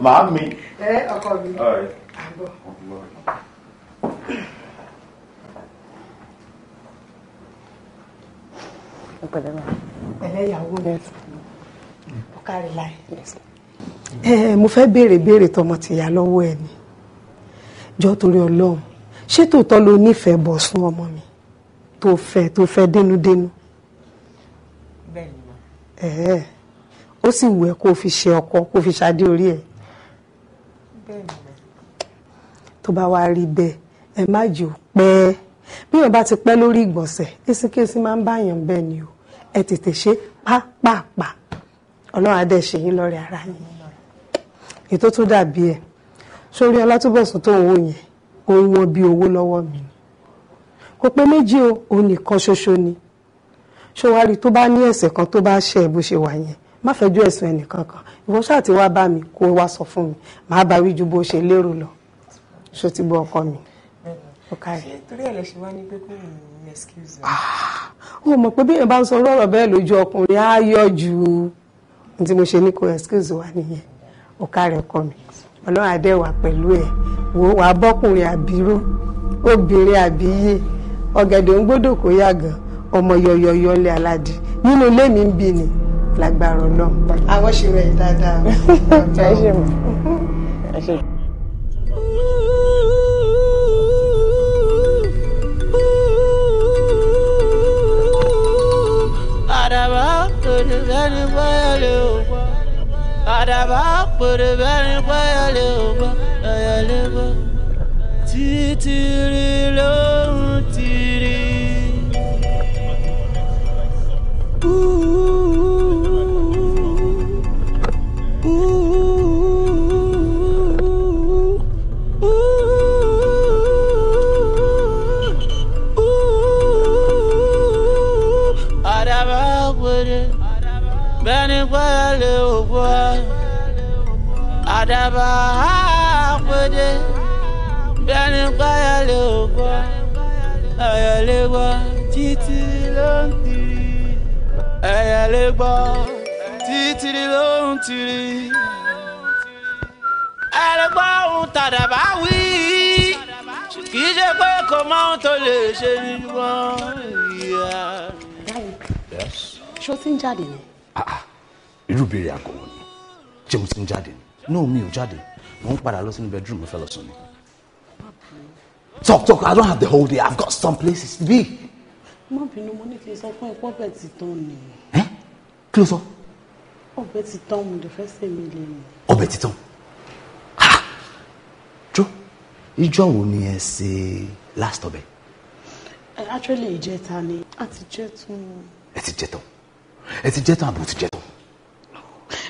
màámi. ẹ ọkọ mi. àbọ̀. ẹ pẹ̀lẹ́ ma. ẹlẹ́yàwó rẹ̀ kárí láì. ẹ mo fẹ́ béèrè béèrè tọmọ tìyá lọ́wọ́ ẹ ni jọ torí ọlọ́run ṣé tòótọ́ ló nífẹ̀ẹ́ bọ̀ sún ọmọ mi tó fẹ́ tó fẹ́ dénúdénú. bẹ́ẹ̀ ni ma. ó sì wù ẹ́ kó o fi ṣe ọkọ kó o fi ṣadé orí ẹ̀. bẹ́ẹ̀ ni ma. tó bá wá rí bẹ́ẹ̀ ẹ má jò pẹ́ bí wọn bá ti pẹ́ lórí ìgbọ̀nsẹ̀ kéṣíkéṣí máa ń báyàn bẹ́ẹ̀ ni o ẹ tètè ṣe pápápá ọlọ́run adé ṣe yín lọ́rẹ̀ ara yín ètò tó dàbí ẹ̀ sórí ọlátúbọ̀sùn tó ń wò yẹn òun wọn bí owó lọ́wọ́ mi ni kò pé méjì o òun nìkan ṣoṣo ni ṣọwárí tó bá ní ẹ̀ṣẹ̀ kan tó bá ṣe bó ṣe wà yẹn má fẹjọ́ ẹ̀sùn ẹnìkan kan ìwọ ṣáà ti wá bá mi kó wá sọ fún mi màá bá wí bó ṣe lérò lọ ṣó ti gbọ́ ọkọ mi. torí o ah! mọ̀ pé bí èèyàn bá ń sọ ọ̀rọ̀ bẹ́ẹ̀ lójú ọkùnrin á yọ jù ú tí mo ṣe ní kó excuse wa nìyẹn ọ̀ka rẹ̀ kọ́ mi ọlọ́run adé wà pẹ̀lú ẹ̀ wò wà bọ́kùnrin àbíró obìnrin àbíyé ọ̀gẹ̀dẹ̀ ń gbọ́dọ̀ kó yàgàn ọmọ yọyọyọ lé aládì nínú ilé mi ń bì ní lágbára ọlọ́run. àwọn ṣe rẹ̀ dáadáa. ẹ ṣe mọ. àdàbà pèrè bẹ́ni báyọ̀ lè ò gbọ́. àdàbà pèrè bẹ́ni báyọ̀ lè ò gbọ́ ẹ̀yọ̀ lè gbọ́. títí rí lóhùn tí. àdàbà àpèdè bí ẹni páyà lè gbọ́ ẹ̀yà lè gbọ́ títí ló tiri ẹ̀yà lè gbọ́ títí ló ń tiri ẹ̀rẹ̀gbọ́ ohun tàdàbà wí kì í ṣe pé kò mọ ohun tó lè ṣe ní wọn ṣó ti ń jáde ni. Ah, ah. irú ìbéèrè àgọ́wọ́ ni ṣé ti ń jáde ni no mi ò jáde mo ń padà lọ sínú bedroom mo fẹ́ lọ sùn ni. talk talk i don't have the whole day i've got some places to be. má bínú mo ní kí n sọ fún ẹ pé ọbẹ̀ ti tán ni. ẹ kí ló sọ. ọbẹ̀ ti tán mo lè fẹ́ ṣe mí lè mi. ọbẹ̀ ti tán ha ah! jó wo ni ẹ ṣe last ọbẹ̀. Eh, actually ìjẹta ni a ti jẹ tún. ẹ ti jẹ tán ẹ ti jẹ tán àbò ti jẹ tán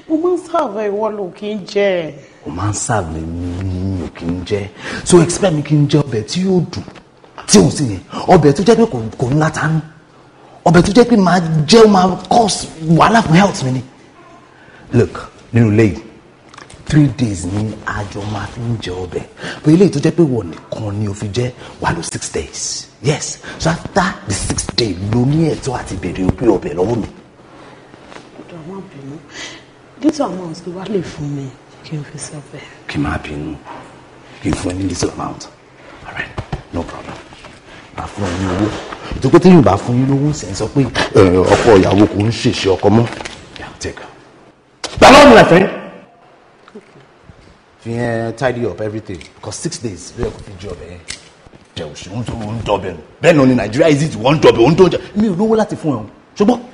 mo máa ń serve ìwọ ló kì í jẹ. mo máa ń serve mi ò kì í so expect mi kì í jẹ ọbẹ̀ tí yóò dùn tí òun sì yẹn ọbẹ̀ tó jẹ́ pé kò ń látàánú ọbẹ̀ tó jẹ́ pé máa jẹ́ máa cause wàhálà fún health mi ni look nínú lẹ́yìn three days ni àjọ máa fi ń jẹ ọbẹ̀ but eléyìí tó jẹ́ pé wọ̀ nìkan ni o fi jẹ́ wà ló six days yes so after the sixth day lo ní ẹ̀tọ́ àti béèrè pé ọbẹ̀ lọ́wọ́ mi little amount ló wá lè fún mi kí n fi sọ bẹ́ẹ̀. kí n máa bínú kí n fún ẹ ní little amount all right no problem bá fún ẹ ní owó ìtòkó tí yóò bá fún yín lówó ṣe ń sọ pé ọkọ ìyàwó kò ń ṣèṣe ọkọ mọ́ take her. balọ́ọ̀nù my friend fi hàn eh, tidy up everything because six days ló yẹ kó fi jẹ ọbẹ̀ yẹn jẹ òṣèlú tó ń dọbẹ nù bẹ́ẹ̀ náà ni nàìjíríà is it one dọbẹ òun tó ń jẹ mi ò lówó láti fún ẹ o ṣùgbọ́n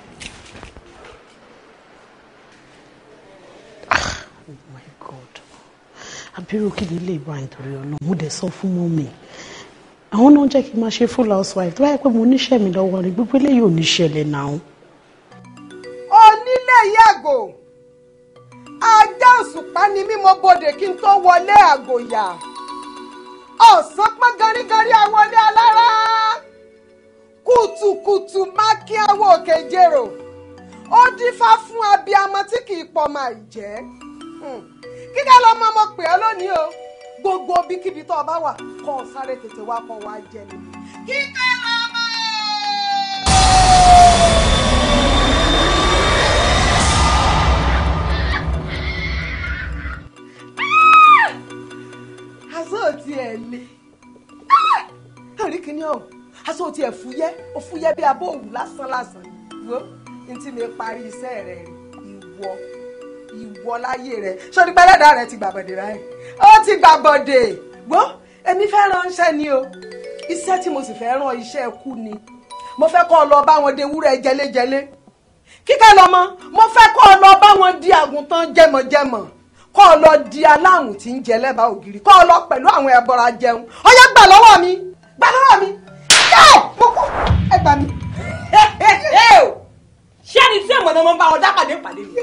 abirú kí ni ilé ìbá ìtòrí ọ̀nà mo dẹ̀ sọ fún mọ́mì àwọn náà jẹ́ kí n máa ṣe full housewife tó báyìí pé mo níṣẹ́ mi lọ́wọ́ ni gbogbo eléyìí ò ní ṣẹlẹ̀ náà. onílé yàgò ajá òṣùpá ni mímọ bodè kí n tó wọlé àgòyà ọ̀sán pọ́n gánigánrí àwọlé alára kùtùkùtù má kí awọ ó dífá fún abiyamọ tí kì í pọ̀ máa jẹ́. Hmm kíkẹ́ lọ mọ́ mọ́ pè ẹ́ lónìí o gbogbo bíkíbi tó o bá wà kọ́ ọ sáré tètè wá kọ́ wa jẹ ni. kíkẹ́ lọ mọ́ aṣọ òtí ẹ̀ lé àríkìní ọ̀hún aṣọ òtí ẹ̀ fúyẹ́ ó fúyẹ́ bí abọ́ òwú lásán lásán wo ní tí mi parí iṣẹ́ rẹ̀ ìwọ ìwọ láyé rẹ sọ́ni pẹ́lẹ́dà rẹ ti gbàbọ̀dè báyìí ó ti gbàbọ̀dè gbọ́ èmi fẹ́ ránṣẹ́ ni o iṣẹ́ tí mo sì fẹ́ ràn iṣẹ́ kú ni mo fẹ́ kọ́ ọ lọ bá wọn de ewúrẹ́ jẹlẹ́jẹlẹ́ kíkẹ́ lọ́mọ mo fẹ́ kọ́ ọ lọ bá wọn di àgùntàn jẹmọ̀jẹmọ̀ kọ́ ọ lọ di aláwùn tí ń jẹ lẹ́bàá ògiri kọ́ ọ lọ pẹ̀lú àwọn ẹbọra jẹun ó yá gbà lọ́wọ́ mi gbà lọ́wọ́ mi yẹ́ mo kú ẹ gbà mí. Oh. ṣé ẹni tí èèmọ̀ náà mo ń bá ọ dápàdé pàdé mi.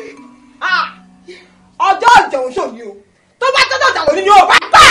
Ah! ọjọ́ ìjẹun ṣòyí o tó bá tọ́jọ́ ìjàwó ni yóò bá pa.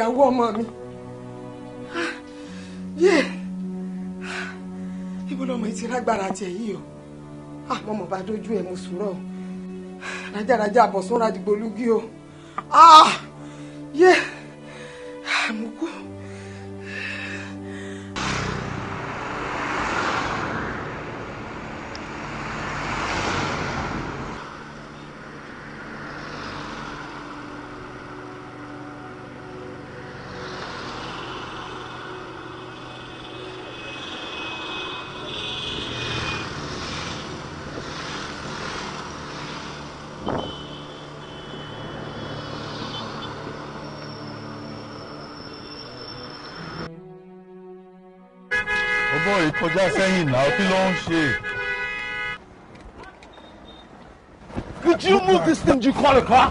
ìyàwó ọmọ mi yé ibo lọmọ yìí ti lágbára tiẹ̀ yìí o àmọ́ ah, mọ̀ bá dojú ẹ̀ mo sùúrọ̀ o rájàrájà àbọ̀sùn rádìgbòlúgí o ah! yé. Ah, yeah. kọjá sẹ́yìn náà kí ló ń ṣe. Could you move this thing you call a car?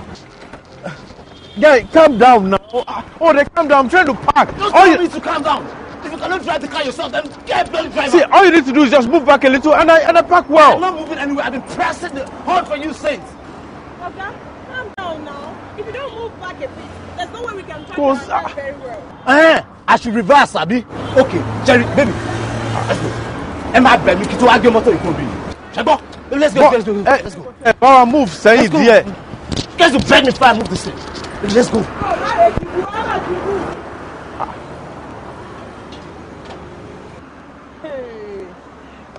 Guy, calm down now. Oh, they calm down. I'm trying to park. Just all tell you... me to calm down. If you cannot drive the car yourself, then get bloody driver. See, all you need to do is just move back a little, and I and I park well. I'm not moving anywhere. I've been pressing the hard for you since. Okay, calm down now. If you don't move back a bit, there's no way we can drive very well. Eh, uh, I should reverse, Abi. Okay, Jerry, baby, ẹ máa bẹ̀ mí kí tó wá gbé mọ́tò ìkó obìnrin ṣẹgbọ́ let's go let's go let's go. ẹ bá wa move sẹ́yìn díẹ̀. let's go beg me before I move this thing let's go.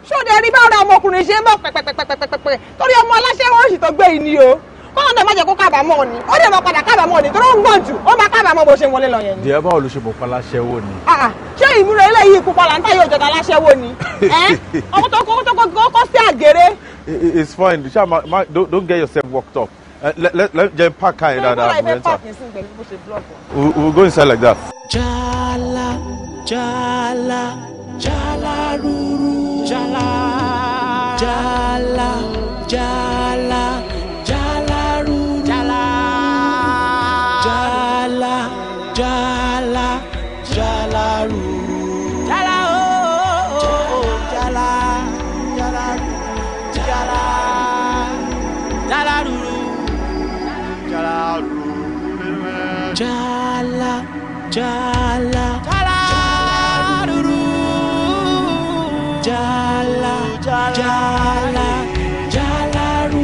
ṣó de rí báwo ni ọmọkùnrin ṣe ń bọ̀ pẹ̀pẹ̀pẹ̀pẹ̀pẹ̀ torí ọmọ aláṣẹ wọn ò sì tó gbé yìí ni o káwọn náà má jẹ́ kó kábàámọ̀ ni ó dẹ̀ máa padà kábàámọ̀ ni tó ń gbọ̀n jù ó máa kábàámọ̀ bó ṣe wọlé lọ yẹn ni. díẹ̀ báwo ló ṣe mọ̀ paláṣẹ́wó ni. Ah, ah. ṣé ìmúra eléyìí pupa là ń yóò jọta aláṣẹ́wó ni. ọkọ tó kọ kọ sí àgèrè. it's fine ṣá ma ma don't, don't get yourself worked up uh, jẹ park car yẹn dáadáa àbúrò ẹ̀ ta we will go inside like that. jala jala jala ruru jala jala jala. jala jala dúró jala jala jala rú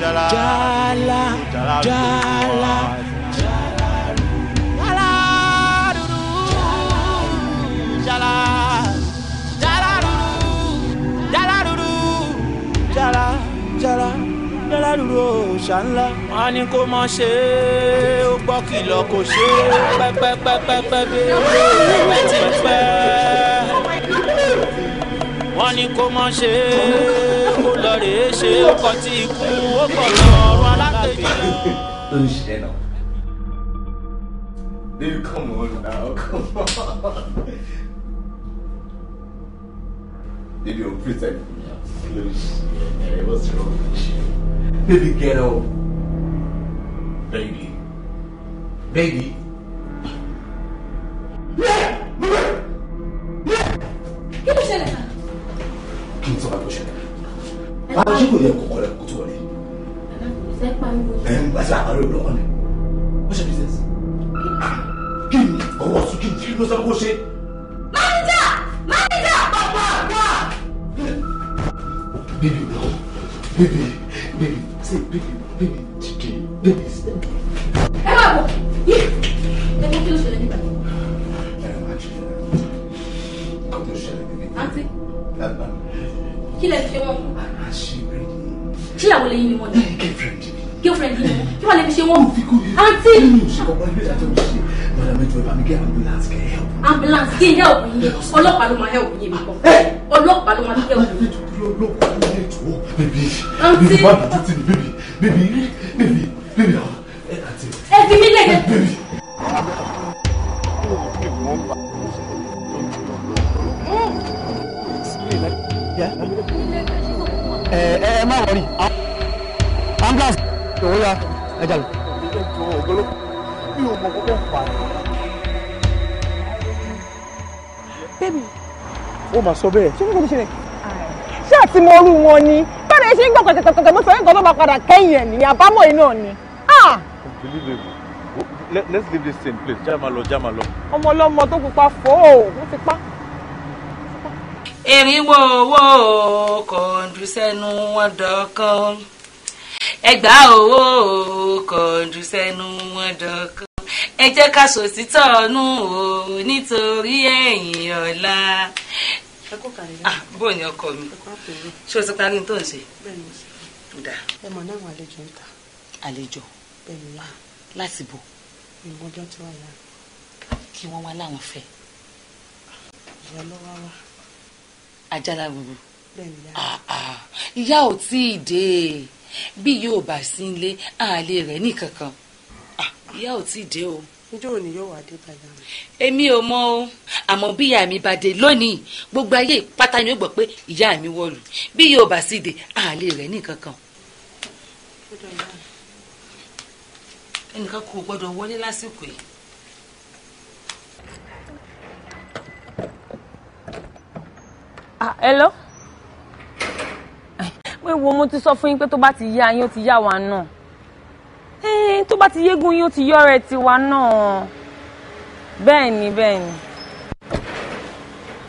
jala jala jala. òòṣà ńlá. wọ́n á ní kó mọ̀ ṣe é ó gbọ́ kìlọ̀ kò ṣe é pẹ́pẹ́pẹ́pẹ́ bí ní kó mọ̀ ṣe é kó lọ rèé ṣe é ó kọ́ tí ikú ó kọ̀ lọ ọ̀run alákejì lọ. Dude, come on now, come on. Did you pretend? Yeah. Close baby ghetto. Baby. Baby. Yeah! Yeah! Kí ló ṣẹlẹ̀ náà? Kí n sọ àgbọ̀ṣẹ̀lẹ̀. Àwọn ṣé kò yẹ kó má dàdú tì mí bébì baby. bébì baby. àwọn ẹ àti. ẹ fi mí lẹ́gẹ̀ẹ́. bébì. ẹ ẹ má wọrí ambulance owó ya ẹ jà lọ. mi ò sọ bẹ́ẹ̀. ṣé kí ló ń ṣẹlẹ̀. ṣé àti wọn ni kankan mo sọ nǹkan tó bá padà kẹ́yìn ẹ̀ nìyẹn àbámọ̀ yìí ni. Ah! let's leave this same place jẹ́ àmà lọ jẹ́ àmà lọ. ọmọ ọlọ́mọ tó pupa fò ó wọ́n ti pa. èrìnwó owó kọ̀ọ̀dù sẹ́nu wọn dọ̀kan ẹgbàá owó kọ̀ọ̀dù sẹ́nu wọn dọ̀kan ẹ jẹ́ ká sòtítọ́ ọ̀nù o nítorí ẹ̀yìn ọ̀la. Ah, bóyá ọkọ mi ṣé o ti parí ní tó ń ṣe ẹ mọ̀ náà àwọn àlejò ń ta. àlejò bẹ́ẹ̀ ni ah, láti bò. ìmọ̀ ọjọ́ tí wọ́n yà. kí wọ́n wá láwọn fẹ́. ìyá ló wá wá. ajala ruru. bẹ́ẹ̀ ni yá. Ah, ah. ìyá ò tí ì dé bí yóò bá sí ilé àlè rẹ̀ nìkankan ìyá ò tí ì dé o. Ah, ah njẹ́ òní yóò wá dé bàjá mi. èmi ò mọ o àmọ́ bí ìyá mi bá dé lónìí gbogbo ayé pátá ni ó gbọ́ pé ìyá mi wọlù bí yóò bá sì dé àlè rẹ̀ nìkan kan. ẹnìkan kò gbọ́dọ̀ wọlé lásìkò yìí. ah hello pé wo mo ti sọ fún yín pé tó bá ti yá yín ó ti yá wa náà. Eh, tó bá ti yégun yín ó ti yọ̀rẹ̀ tiwa náà bẹ́ẹ̀ ni bẹ́ẹ̀ ni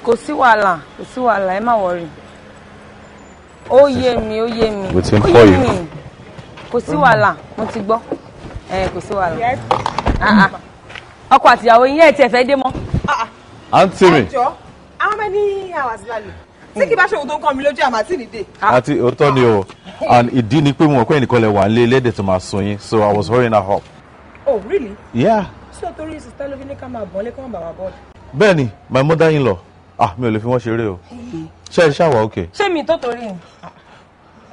kò sí wàhálà kò sí wàhálà ẹ má wọrí ó yé mi ó yé mi ó yé mi kò sí wàhálà mo ti gbọ́ ẹ kò sí wàhálà ah, ah. ọkọ àtìyàwó yín ẹ̀ tiẹ̀ fẹ́ dé mọ́. àǹtí mi. àjọ how many hours lálẹ́ tí kì bá ṣe òun tó ń kọ́ mi lójú àmà tí nìde. àti òótọ́ ni o and ìdí ni pé mo mọ̀ pé ẹnìkan lè wà nílé ẹlẹ́dẹ̀ tó máa sun yín so i was hurrying her up. oh really. yeah. so torí sista ló fi ní ká máa bọ̀ ọ́ lẹ́kọ̀ọ́ bàbá bọ́ọ̀dù. bẹ́ẹ̀ni my mother in law ah mi ò lè fi wọ́n ṣeré o ṣe é ṣàwà òkè. ṣé mi tó torí ni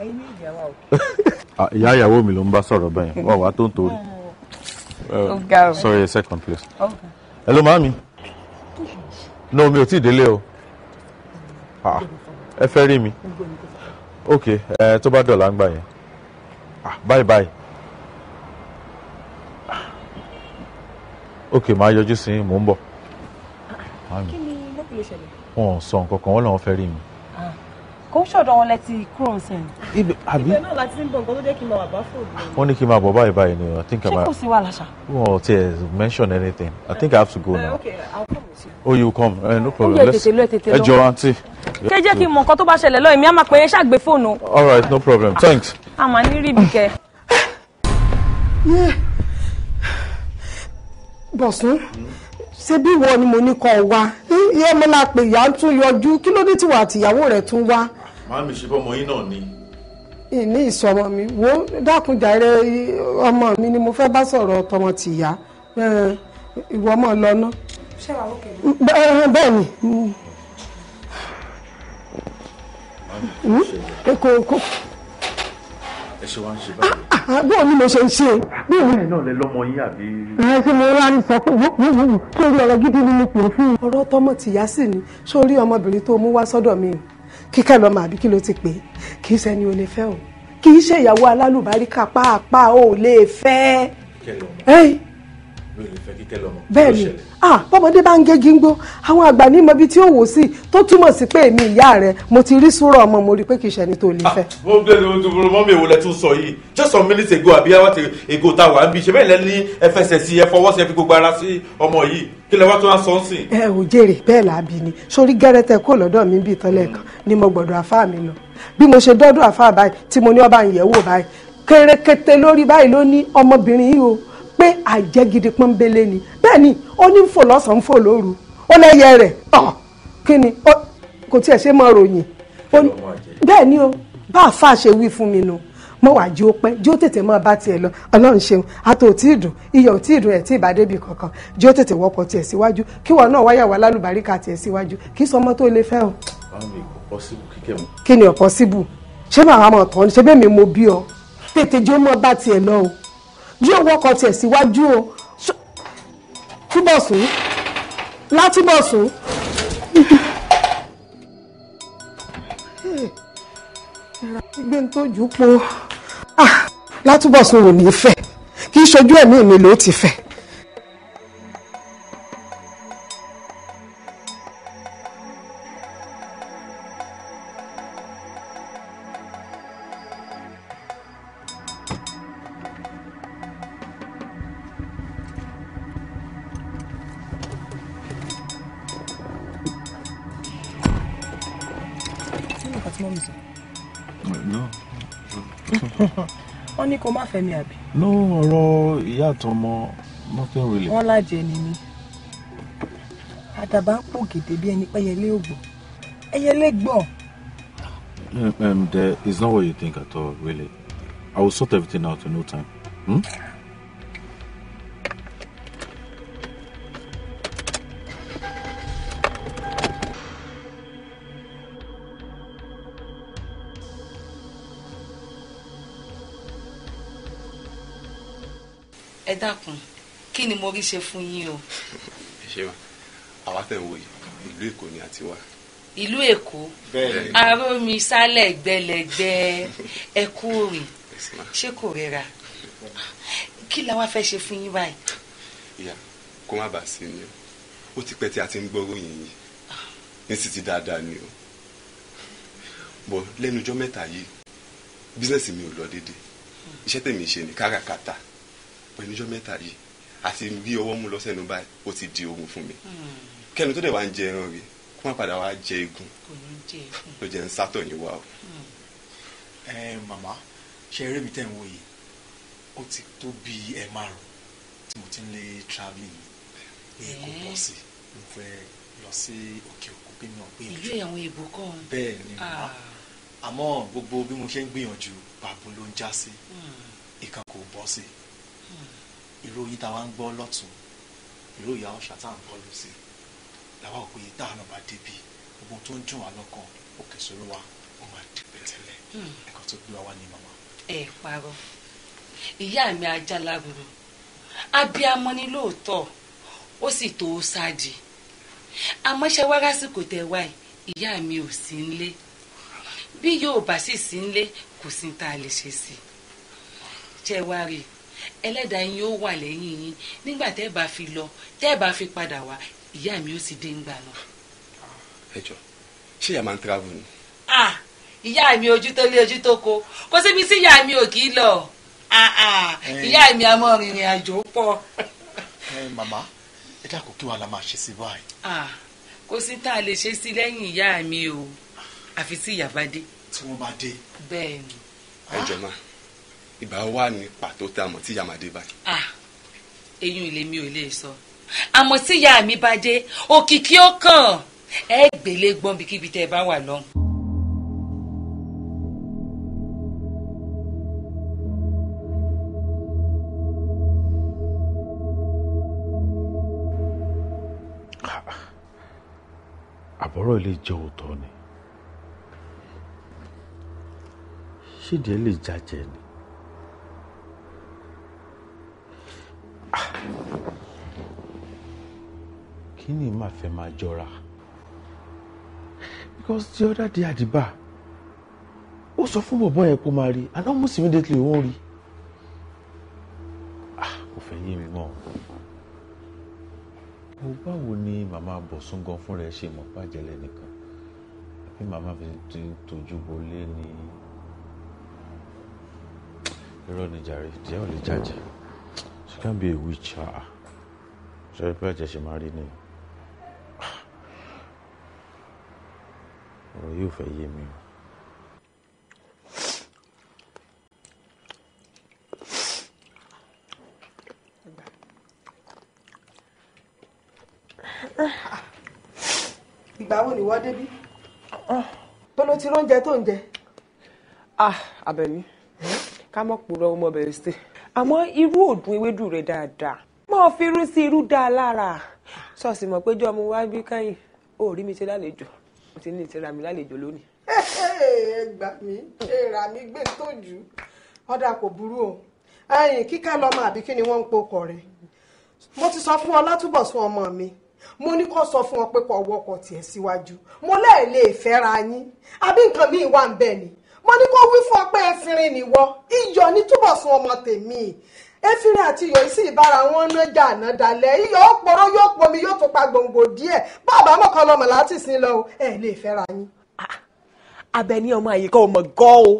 ẹyin ní ìjà wa o. ìyá ìyàwó mi ló ń bá sọ̀rọ̀ bẹ́yẹn wà wá tó ń torí. sorry second place. Okay. hello maami. no mi ò tí ì délé o. Ah, ẹ fẹ́ rí mi ok ẹ tó bá dọ̀là ń gbà yẹn ah, bye bye ok màá yọjú sí mò ń bọ̀. kí ni lókè ló ṣẹlẹ̀. wọn ò sọ nǹkan kan wọn làwọn fẹ́ rí mi ah, kò ń ṣọ̀dọ̀ wọn lẹ́tí kúrò ńsẹ̀yìn. ibẹ̀ àbí ibẹ̀ náà láti ń bọ̀ nǹkan tó jẹ́ kí n máa wà bá fòdù. wọ́n ní kí n máa bọ̀ báyìí báyìí ni i think i'm. ṣé kò sí wàhálà ṣá. wọn ò tiẹ̀ mention anything i think i have to go eh, now. Uh, okay, I'll oh you come eh, no problem let's ẹ Let's àǹtí. kẹ jẹ́ kí n mọ nǹkan tó bá ṣẹlẹ̀ lọ́yìn mi á máa pè é ṣàgbé fóònù. all right no problem thanks. a máa ní rí ibi kẹ. bọ̀sùn ṣé bí ìwọ ni mo ní kọ́ wa iye mi la pè ìyá ń tún yọjú kí ló dé tí wàá tìyàwó rẹ̀ tún wá. màá mi ṣe fọmọ yín náà ni. ìní ìsọmọ mi wo dákunjàre ọmọ mi ni mo fẹ́ bá sọ̀rọ̀ tọmọ tìyá eh, ìwọ mọ̀ lọ́nà bẹ́ẹ̀ ni èkó hmm? èkó. ẹ ṣe wá ń ṣe báyìí. Ah, ah, bóun ni mo ṣe ń ṣe. bóun ni náà lè lọmọ yín àbí. ẹ ṣe mo rán ní sọ pé wúwúwú sórí ọ̀rọ̀ gidi ni mo pè fún un. ọ̀rọ̀ tọmọ tìyá sì ni sórí ọmọbìnrin tó mú wá sọ́dọ̀ mi kíkẹ́ lọ́mọ àbí kí ló ti pè kì í ṣẹni o lè fẹ́ o kì í ṣe ìyàwó alálùbáríkà pàápàá o lè fẹ́. kíkẹ́ lọ́mọ bẹ́ẹ̀ni ah bọ́mọdé bá ń gé gígbó àwọn àgbà ní mọbi tí ó wò sí tó túmọ̀ sí pé èmi ìyá rẹ mo ti rí sùúrọ̀ ọmọ mo rí pé kì í ṣẹni tó lè ah, fẹ́. mo gbé ní mọ́ mi ìwòlẹ̀ tún sọ yìí just some minutes ago àbí àwọn ti ègò ta wà ń bí ṣe bẹ́ẹ̀ lẹ́ni ẹ fẹsẹ̀ sí ẹ fọwọ́ sí ẹ fi gbogbo ara sí ọmọ yìí kí lẹ wá tó wá sọ sí. ẹ ò jèrè bẹ́ẹ̀ làbí ni sórí gẹ́rẹ́tẹ̀ kó lọ́dọ̀ mi bí ìtọ́lẹ̀ kan ni mo gbọ́dọ̀ àfáà mo ṣe o pé àjẹgidi pọ́nbélé ni bẹ́ẹ̀ ni ó ní fò lọ́sàn-án fò lóru ó lẹ́yẹ rẹ̀ tàn kí ni kò tiẹ̀ ṣe mọ́ ròyìn bẹ́ẹ̀ ni o bá a fà ṣe wí fún mi nu mo wà jí ó pẹ́ jí ó tètè máa bá tiẹ̀ lọ ọlọ́run ṣeun àtò ò tí ì dùn iyọ̀ ò tí ì dùn ẹ̀ tí ì bá débi kankan jí ó tètè wọkọ̀ tiẹ̀ síwájú kí wọn náà wáyà wà lálùbáríkà tiẹ̀ síwájú kí sọmọ tó lè fẹ́ o. kí ni ọ̀pọ̀ síbù ṣé màá máa tán ṣé bẹ́ẹ̀ mi mo bí ọ tètè jó mọ́ bá tiẹ̀ lọ o yóò wọkọ̀ tiẹ̀ síwájú o túbọ̀ sùn látúbọ̀ sùn. ìrà gbígbé ń tójú po ah, látúbọ̀ sùn ò ní fẹ́ kí ṣojú ẹ̀mí mi ló ti fẹ́. Fẹ́mi àbí. no ọ̀rọ̀ ìyá àtọmọ nothing really. wọ́n lájẹ ni ni àdàbà ń pò gèdè bí ẹni pẹ́yẹlé ògbò ẹyẹlé gbọ́. Um, um there not what you think at all, really. I will sort everything out in no time. Hmm? dákun kí ni mo rí ṣe fún yín o. ẹ ṣe wa àwa tẹ̀ ń wòye ìlú èkó ni a ti wá. ìlú èkó arómi sálẹ̀ gbẹlẹ̀gbẹ ẹkú òrìn ṣé kò rẹra kí la wá fẹ́ ṣe fún yín báyìí. ìyá kó má bàa sí ni ó ti pẹ́ tí a ti ń gbọ́ ròyìn yìí ní sì ti dáadáa ni o bọ̀ lẹ́nu ọjọ́ mẹ́ta yìí bísíǹsì mi ò lọ déédéé iṣẹ́ tèmi ṣe ni káràkátà pẹ̀lú ọjọ́ mẹ́ta yìí àti rí ọwọ́ mú lọ́sẹ̀nu báyìí ó ti di ogun fún mi hmm. kẹ́ni tó dẹ̀ wá ń jẹ ẹran rẹ̀ kó má padà wá jẹ egun ló jẹ́ ń sátọ̀ ní wa o. Hmm. ẹ màmá ṣe eré mi tẹ̀ ń wò yìí ó ti tó bí ẹ márùn tí mo ti ń lé travelling ní èkó bọ́ sí mo fẹ́ lọ sí òkè òkú pé mi ò gbìyànjú. ìlú àwọn èèbò kọ́ bẹ́ẹ̀ ni màmá ah. àmọ́ gbogbo bí mo ṣe ń gbìyànjú bàbá ló ń já sí hmm. ìkan kò bọ́ sí ìròyìn táwa ń gbọ́ lọ́tún ìròyìn àwọn ṣàtà ń bọ́ lọ́sẹ̀ làwa ò pé dáhùn bá débi gbogbo tó ń dùn wá lọ́kàn òkè sórí wa ó máa di pẹ̀tẹ́lẹ̀ hmm. ẹ̀kọ́ tó gbé wa wá ní màmá. ẹ parọ́ ìyá mi ajá lágùrù abiyamọ ni lóòótọ́ ó sì tó o ṣáàjì àmọ́ ṣe wá lásìkò tẹ̀ wá ìyá mi ò sí nílé bí yóò bá sì sí nílé kò sí ní tá lè ṣe sí ṣe wá rí i ẹlẹ́dàá yín yóò wà lẹ́yìn yín nígbà tẹ́ ẹ bá fi lọ tẹ́ ẹ bá fi padà wá ìyá mi ó sì dé ńgbà náà. ẹ jọ ṣé ìyá máa ń travel ni. ah ìyá mi ojú tó lé ojú tó ko kò síbi tí ìyá mi ò kì í lọ ìyá mi a máa rìnrìn àjò pọ̀. màmá ẹ dákun kí wàá la máa ṣe sí báyìí. kò sí tá a lè ṣe sí lẹ́yìn ìyá mi o àfi tí ìyá bá dé. tí wọ́n bá dé. bẹ́ẹ̀ ni. ẹ jọ máa ìgbà wà ní pàtó tá a mọ̀ tí yamade báyìí. ah eyín ilé mi ò lè sọ àmọ́ tí ìyá mi bá dé òkìkí ó kàn ẹ gbélé gbọ́n bíkíbi tẹ́ ẹ bá wà lọ́hùn. àbọ̀rọ̀ ilé jẹ́ òótọ́ ni ṣídìí ẹ lè jàjẹ́ ni kí ni màá fẹ́ máa jọra because the other day at the bar ó sọ fún bọ̀bọ́ yẹn kó máa rí and almost immediately wọ́n rí ah, kò fẹ́ yé mi mọ́ o báwo ni màmá bọ̀sùn gan fúnra ẹ ṣe mọ̀ pàjẹ́lẹ̀ nìkan àbí màmá fi ti tójú bolé ni irọ́ ni díẹ̀ ò lè jájẹ́ can't be a witch ah I pé ẹ̀jẹ̀ ṣe máa rí you for yóò fẹ́ yé mi o. ìgbà wo ni wọ́n débí tó ló ti róúnjẹ tó ń jẹ. ah Àbẹ̀ní ká mọ̀ pòrọ̀ ọmọ bẹ̀rẹ̀ sí àmọ́ irú òdùn ewédú rẹ̀ dáadáa mọ́ fi irú sí irú dáa lára ṣọ́ọ̀ṣì mọ̀ pé jọ́ mo wá bí kẹ́yìn ó rí mi ṣe lálejò mo ti ní ìtira mi lálejò lónìí. ẹ gbà mí ṣe ra mi gbé tójú ọ̀dà kò burú o ẹyìn kíkà lọ́mọ àbí kí ni wọ́n ń pokọ rẹ̀ mo ti sọ fún ọ látúbọ̀sún ọmọ mi mo ní kó sọ fún ọ pé kó wọkọ̀ tiẹ̀ síwájú mo lẹ́ẹ̀ lè fẹ́ra yín àbí nǹkan míì wà ń bẹ̀ ni mo ní kó wí fún ọ pé efirin nìwọ iyọ̀ ní túbọ̀sùn ọmọ tèmi efirin àti iyọ̀ sì ìbára wọn ná jà ná dalẹ̀ iyọ̀ ó poró yóò pomi yóò tún pa gbòǹgbò díẹ̀ bàbá mọ̀kàn lọ́mọ láti sin lọ o ẹ lè fẹ́ra yín. abẹ ní ọmọ àyíká ọmọ gọ o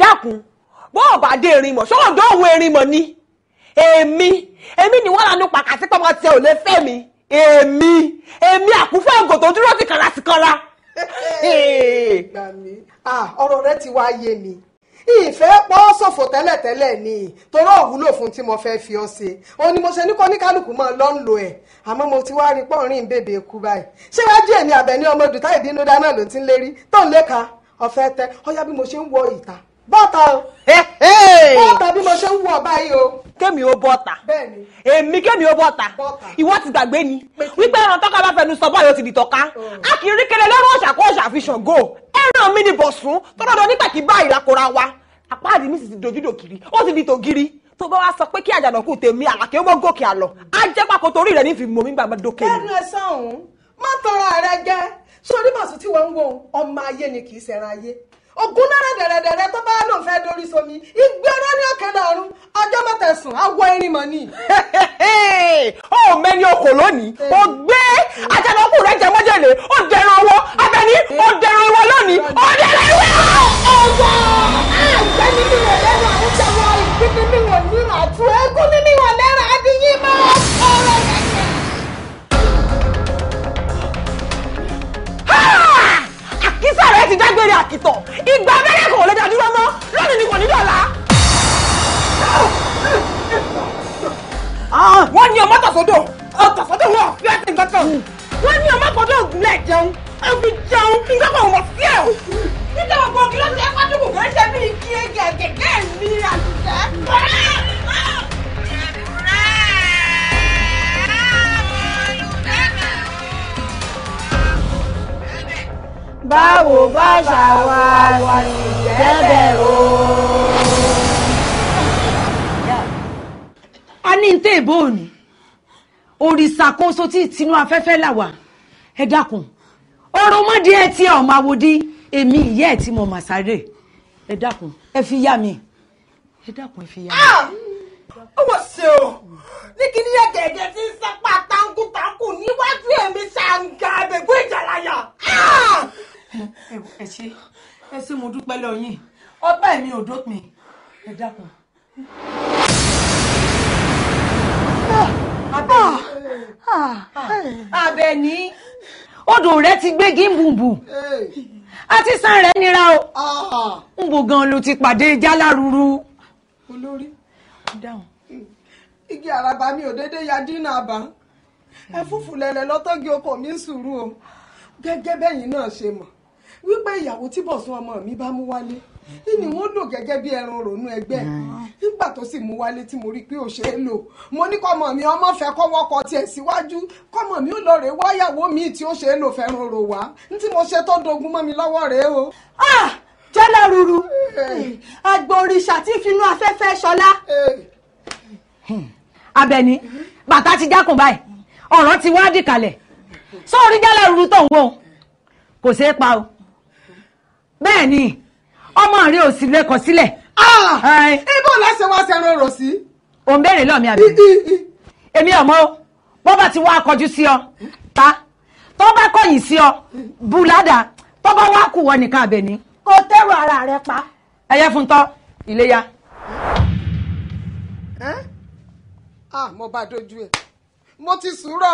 dákun bọ́ọ̀ bá dé erin mọ̀ sọ́wọ́n dọ́wọ́ erin mọ̀ ni èmi èmi ni wọ́n lanu pàkàtí pọ́nmọ́ tiẹ̀ ò lè fẹ́ mi èmi èmi àkúfẹ́ ògò tó dúró ti kàrà sí kanra ọ̀rọ̀ rẹ ti wá yé mi ìfẹ́ pọ́ ṣòfò tẹ́lẹ̀tẹ́lẹ̀ ni torí òwúlò fún tí mo fẹ́ fi ọ́ ṣe ó ní mo ṣe ní kó ní kálukú mọ́ lọ́ ń lo ẹ̀ àmọ́ mo ti wá rí pọ́nrín bèbè kú báyìí ṣé wàá jẹ́ èmi àbẹ̀ ní ọmọ dùtá ìdínú dáná ló ti ń lérí tó ń léka ọ̀fẹ́ tẹ ọyá bí mo ṣe ń wọ ìta bọ́tà o bọ́tà bí mo ṣe ń wù ọ báyìí o. kémi ó bọ́tà èmi kémi ó bọ́tà ìwọ ti gbàgbé ni wípé ẹran tọ́ka bá fẹnu sọ báyìí ó ti di tọ́ka oh. a kì í rí kéré lọ́rọ̀ ọ̀ṣà kó ọ̀ṣà fi ṣàn gò ẹran mi ni bọ̀sùn tọ́lọ́dọ̀ nígbà kí báyìí lakora wa apá àdì mi sì ti dojú dòkiri ó ti di tògiri tó bá wá sọ pé kí àjànàkú tèmi àlàkè mọ́ gòkè àlọ́ á jẹ́ pàkó torí rẹ̀ nífi mọ̀ mí gbàgbọ́ dókè mi. ẹnu ẹ sọ̀hún má tọrọ rẹ jẹ sórí màsùn tí wọ́n ń wo ọmọ ayé ni kì í ṣẹran ayé ògùn náírà dẹ̀rẹ̀dẹ̀rẹ̀ tó bá lòun fẹ́ dorí somi ìgbé ọ̀rọ̀ ní òkè lọ́rùn ọjọ́ mọ̀tẹ̀sùn awọ erin mọ̀ ni. ó mẹ́ni okò lónìí ó gbé ajánokù rẹ̀ jẹ́ mọ́jẹ̀lẹ̀ ó dẹran ọwọ́ abẹ́ni ó dẹran ìwọ lónìí ó dẹran ìwé ọwọ́. ẹgbẹ́ mi mi wọ̀ lẹ́nu àwùjọ wa ìpínlẹ̀ mi wọ̀ nínú àtúwẹ́gún mi mi wọ̀ sísá rẹ ti dágbére àkìtọ̀ ìgbà abẹ́rẹ́ kò lè dàdúró mọ́ lónìí ni kò ní dọ̀la. Ah, wọ́n ní ọmọ tọ̀sọ́dọ̀ tọ̀sọ́dọ̀ wọn fi ẹsẹ̀ nǹkan kan wọ́n ní ọmọ kọ́dọ̀ ògùnlẹ̀ jẹun ẹbí jẹun nǹkan kan wọ̀ sí ẹ̀ o. nígbà gbogbo kí ló ṣe é fájú kò fẹ́ ṣe bí kí ẹgẹ̀gẹ̀ mi àtúntẹ̀. báwo bá ṣàwà sí ìjẹ́bẹ̀ o. a ní ní tèèbó òní òrìṣà kan so tí tinú afẹ́fẹ́ là wà ẹ dákun ọrọ̀ mọ́dí ẹ tí ọmọ àwòdì èmi ìyá ẹ̀ tí mo mà sáré ẹ dákun ẹ fi yá mi ẹ dákun ẹ fi yá mi. Ah! ó wọ́n ṣe o ní kí ní ẹ̀gẹ̀ẹ̀gẹ̀ tí ń sápá tankutanku níwájú èmi ṣàǹgà àbẹ̀gbọ́ ìjàláyà. Ah! ẹ ṣe ẹ ṣe mo dúpẹ́ lọ yín ọgbà ẹ̀mí ò dópin ẹ dákun. Àbẹ̀ní ah, ah, odò rẹ ti gbé gímbùnbùn àti sàn rẹ nira o nbò ah. gan ló ti pàdé jáláruru. olórí dáhùn. igi àràbà mi ò déédéé ya dínà àbá ẹfúfù lẹlẹ lọtọgì ọkọ mi ń sùúrù o gẹ́gẹ́ bẹyìn náà ṣe mọ̀ wípé ìyàwó tí bọ̀sùn ọmọ mi bá mú wálé ni mm. wọ́n lò gẹ́gẹ́ bí ẹran rònú ẹgbẹ́ mm. nígbà tó sì mú wálé tí mo rí pé ò ṣe é lò mo ní kọ́mọ mi ọmọ fẹ́ kọ́wọ́ kọ tiẹ̀ síwájú kọ́mọ mi ò lọ rèé wáyàwó mi tí ó ṣe é lò fẹ́ràn rò wá ní tí mo ṣe tó dogun mọ́ mi lọ́wọ́ rèé o. Ah! jẹ́lẹ̀ ruru agboorisa eh. tí finú afẹ́fẹ́ ṣọlá. Eh. Hmm. Abẹ́ní bàtà ti jákùn báyìí ọ̀rọ̀ ti wá dìkalẹ̀ sórí jẹ́lẹ̀ ruru tó ń wò kò ṣeé pa o bẹ́ẹ̀ ni ọmọ rẹ ò sì lẹ́kọ̀ọ́ sílẹ̀. Ah! ibo lẹ́sẹ̀ wá sẹ́ran rò sí. ò ń béèrè lọ́ọ̀mí àbí. èmi ọmọ o bó bá ti wá kọjú sí ọ ta tó bá kọ̀yìn sí ọ bu ládàá tó bá wá kù wọ nìkan àbẹ̀ ni. kò tẹ́rù ara rẹ pa. ẹyẹ fún tọ́ ìléya. Ah, mo bá dojú ẹ mo ti sùúrọ̀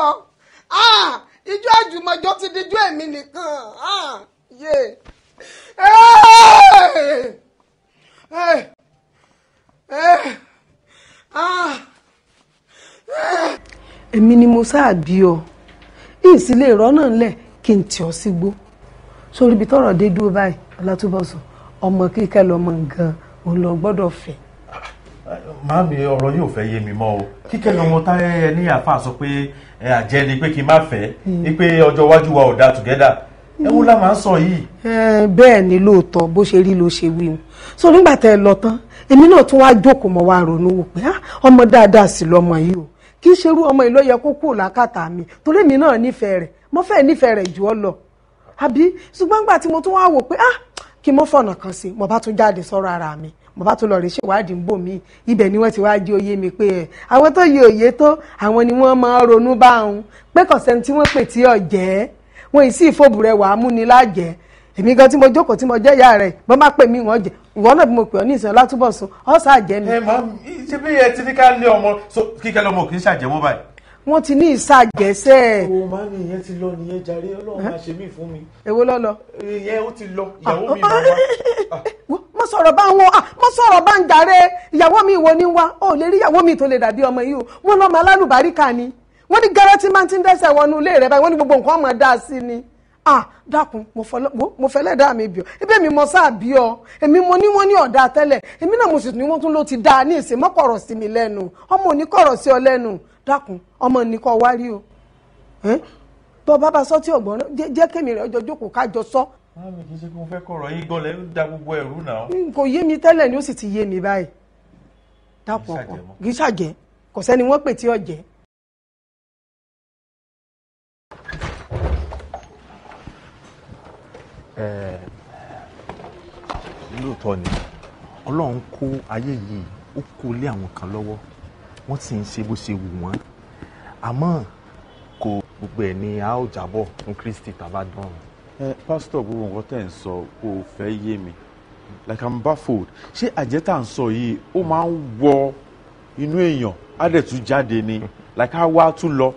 ah, ijó àjùmọ̀jọ́ ti dijú èmi nìkan Yeah èmi ni mo sáà bí ọ ìsílẹ̀ ìrọ́ náà ńlẹ̀ kí n tì ọ́ sí gbó sórí ibi tọ́rọ̀ dé dúró báyìí ọlátúbọ̀sùn ọmọ kíkẹ́ lọmọ gan òun lọ gbọ́dọ̀ fẹ́. màámi ọ̀rọ̀ yóò fẹ́ yé mi mọ́ o kíkẹ́ lọmọ táyẹ ní àáfàá sọ pé àjẹ́ ni pé kí n má fẹ́ hmm. pé ọjọ́ iwájú wa ò dáa together ẹwú la máa ń sọ yìí. bẹ́ẹ̀ ni lóòótọ́ bó ṣe rí ló ṣe wí o so nígbà tẹ́ ẹ lọ tán èmi náà tún wáá jókòó mọ́ wá ronú wò pé ah, ọmọ dáadáa sì lọmọ yìí o kì í ṣerú ọmọ ìlú yẹ kó kúrò lákàtà mi torí èmi náà nífẹ̀ẹ́ rẹ̀ mo fẹ́ nífẹ̀ẹ́ rẹ̀ jù ọ lọ àbí ṣùgbọ́n nígbà tí mo tún wáá wò pé ah, kí mo fọ̀nà kan sí mo bá tún jáde sọ́rọ̀ ara mi mo bá tún lọ rí ṣèwádìí ń bò mí ibẹ̀ ni wọ́n ti wá jí oyé mi pé eh, àwọn tó yẹ òye tó àwọn ni wọ́n máa ronú báwọn pé kọ̀sẹ́ni tí wọ́n pè tí ọ̀jẹ́ wọn yìí sí ìfòbùrẹ̀ wàá mú ni lájẹ́ èmi gan tí mo jókòó tí mo jẹ́ ìyá rẹ̀ bọ́n má pè mí wọ́n jẹ ìwọ náà bí mo pè ọ́ ní ìsìn Ọlátúbọ̀sún ọ́ ṣàjẹ́ mi. ẹ mọ ṣe bí ẹ ti ní ká lé ọmọ kíkẹ́ lọ́mọ kì í ṣàjẹ́ mọ́ báyìí. wọ́n ti ní ìṣàjẹsẹ́. o máa ní ìyẹn ti lọ nìyẹn jàre Ọlọ́run máa ṣe mí fún mi. èwo ló lọ. ìyẹn ó ti lọ ah, ìyàwó mi máa ah, wá. Ah, mo sọ̀rọ̀ bá wọn mo sọ̀rọ̀ bá ń jàre ìyàwó mi ìwọ ni wá ó lè rí ìyàwó mi tó lè dàbí ọmọ yìí o wọ́n lọ́mọ alálùbáríkà ni wọ́n ní gẹ́rẹ́tì máa ti ń dẹ́sẹ̀ wọnú ilé rẹ̀ báyìí wọ́n ní gbogbo nǹkan ọmọ dá sí ni ah dákun mo fẹ́lẹ́ dá mi bì ọ́ ebe mi mọ sáà bí ọ èmi mo ní wọ́n ní ọ̀dà tẹ́lẹ̀ èmi náà mo sì ní wọ́n tún ló ti dá a ní ìsìn mọ́ kọ̀rọ̀ sí mi lẹ́nu ọmọ ò kọ̀rọ̀ sí ọ lẹ́nu dákun ọmọ ní kọ́ wá rí o bọ́ bàbá sọ tí ọ̀gbọ́n jẹ́ kémi rẹ̀ ọjọ́ jókòó kájọ sọ. mi kì í ṣe kí mo fẹ́ kọ̀rọ̀ yín gan lẹ́nu da gbogbo ẹ̀rú náà. kò yé mi tẹ́lẹ̀ ni ó sì ti yé mi báyìí dákun ọkọ kì í ṣàjẹ́ kò sẹ́ni wọ́n pè tí ọ̀jẹ́ lóòótọ́ ni ọlọ́run kó ayé yìí ó kó lé àwọn kan lọ́wọ́ wọ́n sì ń ṣe bó ṣe wù wọ́n àmọ́ kò gbogbo ẹ̀ ni a ó jábọ̀ fún Kristi tàbá ẹ pásítọ̀ gbogbo nǹkan tẹ̀ ń sọ kò fẹ́ yé mi like i'm baffled ṣé àjẹtà ń sọ yìí ó máa ń wọ inú èèyàn á dẹ̀ tún jáde ni like á wá tún lọ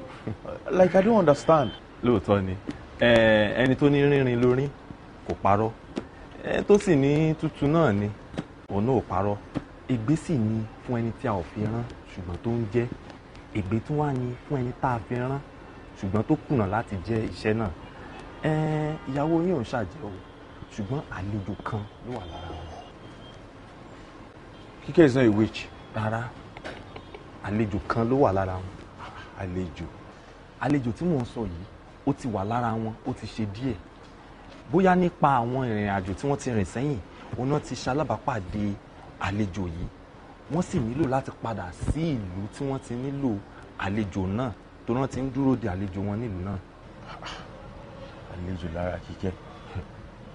like i don't understand. lóòótọ́ ni ẹni tó ní rínrin lórí kò parọ́ ẹ tó sì ní tútù náà ni òun náà ò parọ́ ègbé sì ni fún ẹni tí a ò fi rán ṣùgbọ́n tó ń jẹ́ ègbé tún wà ní fún ẹni tá a fi rán ṣùgbọ́n tó kùnà láti jẹ́ iṣẹ́ náà ẹ ìyàwó yín ò ń ṣàjẹ́ o ṣùgbọ́n àlejò kan ló wà lára wọn. kíkẹ́ is not a witch. rárá àlejò kan ló wà lára wọn. àlejò àlejò tí mò ń sọ yìí ó ti wà lára wọn ó ti ṣe díẹ̀ bóyá nípa àwọn ìrìn àjò tí wọ́n ti rìn sẹ́yìn òun náà ti ṣalábàápàdé àlejò yìí wọ́n sì nílò láti padà sí ìlú tí wọ́n ti nílò àlejò náà tó náà ti ń dúró de àlejò wọn nílùú náà. àlejò lára kíkẹ́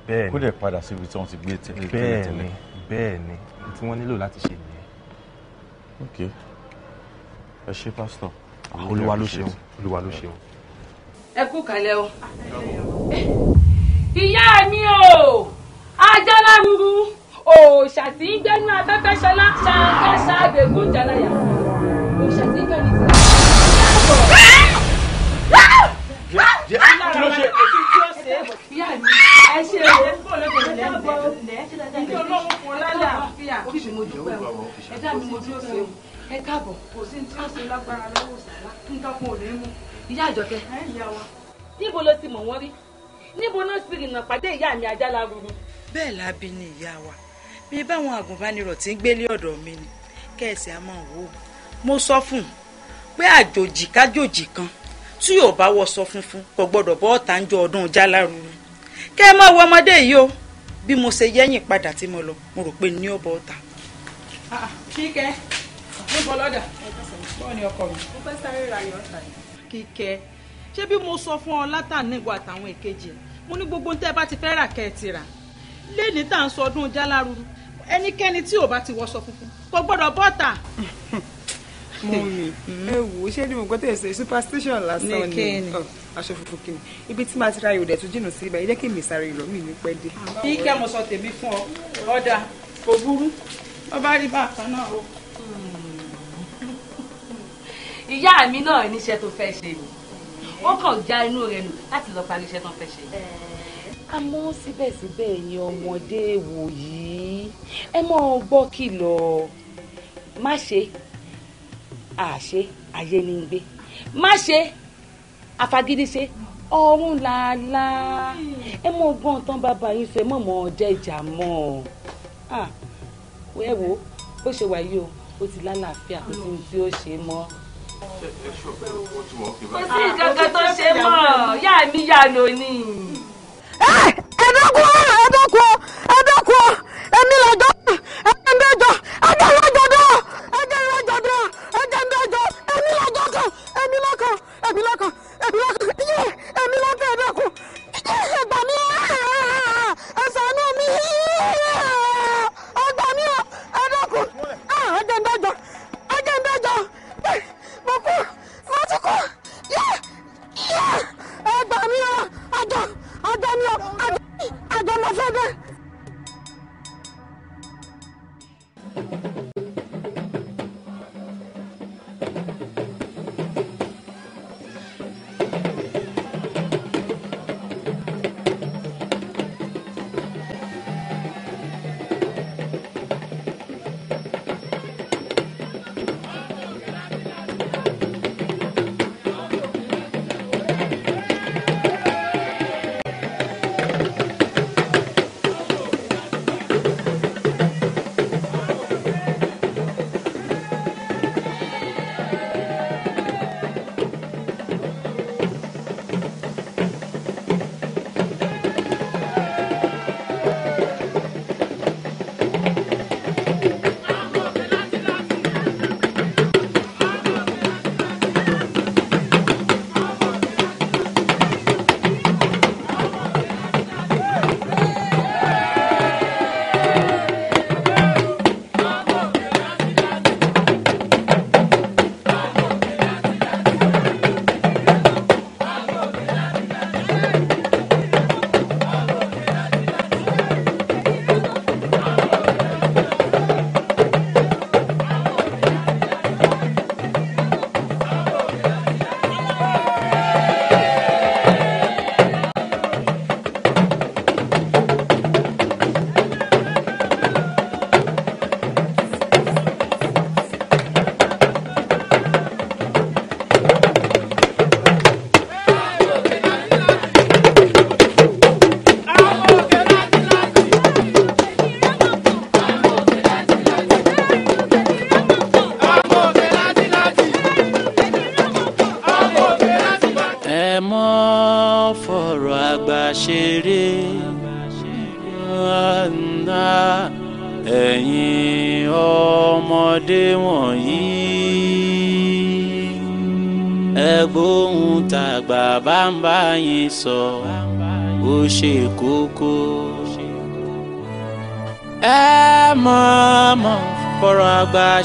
bẹ́ẹ̀ni kó lè padà síbi tí wọ́n ti gbé tẹ́lẹ̀ tẹ́lẹ̀ bẹ́ẹ̀ni tí wọ́n nílò láti ṣe nìyẹn. ok ẹ ṣe pásítọ̀. olúwa ló ṣeun olúwa ló ṣeun. ẹ kú kalẹ̀ o ìyá mi o ajala ruru òòṣà tí ń gbẹnu afẹ́fẹ́ ṣọlá ṣàǹkà ṣàgbẹ̀gùn jàláyà òòṣà tí ń gbẹnu ìtura. ìyá mi ẹ ṣe é lẹ́bọ̀ ilé ọlọ́run kan lálẹ́ àfíà kí mo dúpẹ́ o ẹ dá mi mo dúró sí o ẹ káàbọ̀ kò sí ní tí ó ṣe lágbára lọ́wọ́ sàlá nǹkan kan ò ní mú. ìyá àjọkẹ́ níbo ló ti mọ̀ wọ́n rí níbo náà sì rìnnà pàdé ìyá mi ajálá ruru. bẹ́ẹ̀ la bí ni ìyá wa bí báwọn àgùnbánirọ̀ tí ń gbélé ọ̀dọ̀ mi ni kẹ́ẹ̀sì á máa wò ó mo sọ fún un pé àjòjì kájòjì kan tí yóò bá wọ sọ funfun kò gbọdọ̀ bọ́ ọ̀tá ń jọ ọdún jálá ruru kẹ́ ẹ máa wọ ọmọdé yìí o bí mo ṣe yẹ́yìn padà tí mo lọ mo rò pé ní ọ̀bọ̀ ọ̀tá. Ah, kíkẹ́ níbo lọ́dà bọ́ọ̀ ni ọkọ mi. mo fẹ́ sáré ra ayọ̀ ọ̀tá yìí. kíkẹ́ ṣé bí mo sọ fún ọ látàníwò àtàwọn èkejì mo ní gbogbo tẹ́ bá ti fẹ́ rà kẹ́ ẹ ti rà lẹ́ni tá à ń sọ ọdún jáláruru ẹnikẹ́ni tí ò bá ti wọṣọ funfun kò gbọ́dọ̀ bọ́ta. mọ̀mí ẹ wò ó ṣé ni mo gbọ́ tẹ̀ ṣe superstition lásán ni aṣọ funfun kìíní ibi tí màá ti ra ìròdẹ̀ tó jìnnà sí ibà yìí jẹ́ kí mi sáré lọ mí ní pẹ́ dé. bí kẹ́ mo sọ tèmi fún ọ ọ̀dà kò burú ọba rí bákan náà o. ìyá mi náà níṣẹ́ tó fẹ́ ṣe ni wọ́n kàn já inú rẹ̀ nù láti lọ parí iṣẹ́ tán fẹ́ ṣe. àmọ́ síbẹ̀síbẹ̀ ẹ̀yin ọmọdé wò yìí ẹ máa gbọ́ kìlọ̀ má ṣe àṣe ayé ní gbé má ṣe àfagídí ṣe ọ̀run làálà ẹ mọ ọgbọ́n tán bàbá yín fẹ́ mọ̀mọ́ jẹ́jà mọ́ ọ ẹ wo bó ṣe wà yìí o ó ti lálàáfíà kò sí ohun tí ó ṣe mọ́ kò sí ìkankan tó ṣe mọ́ yá mi yá lónìí. ẹ ẹ lọ́gùn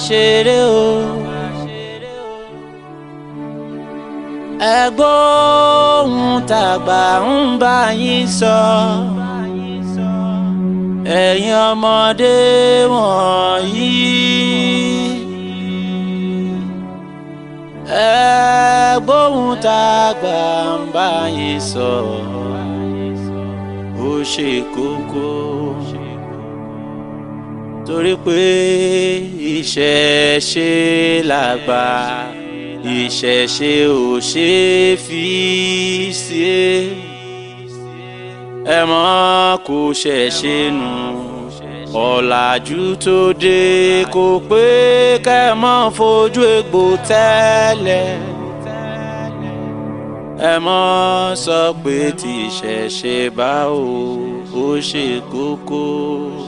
ṣeré o. ẹgbọ́ ohun tàgbà ń bá yín sọ. ẹ̀yin ọmọdé wọ̀nyí. ẹgbọ́ ohun tàgbà ń bá yín sọ. ó ṣe kókó torí pé ìṣẹ̀ṣe làgbà ìṣẹ̀ṣe ò ṣe é fi ṣe ẹ mọ́ kò ṣẹ̀ṣe nù ọ̀làjú tó dé kò pé kẹ́ fojú egbò tẹ́lẹ̀ ẹ sọ pé tí ìṣẹ̀ṣe bá o ó ṣe kókó.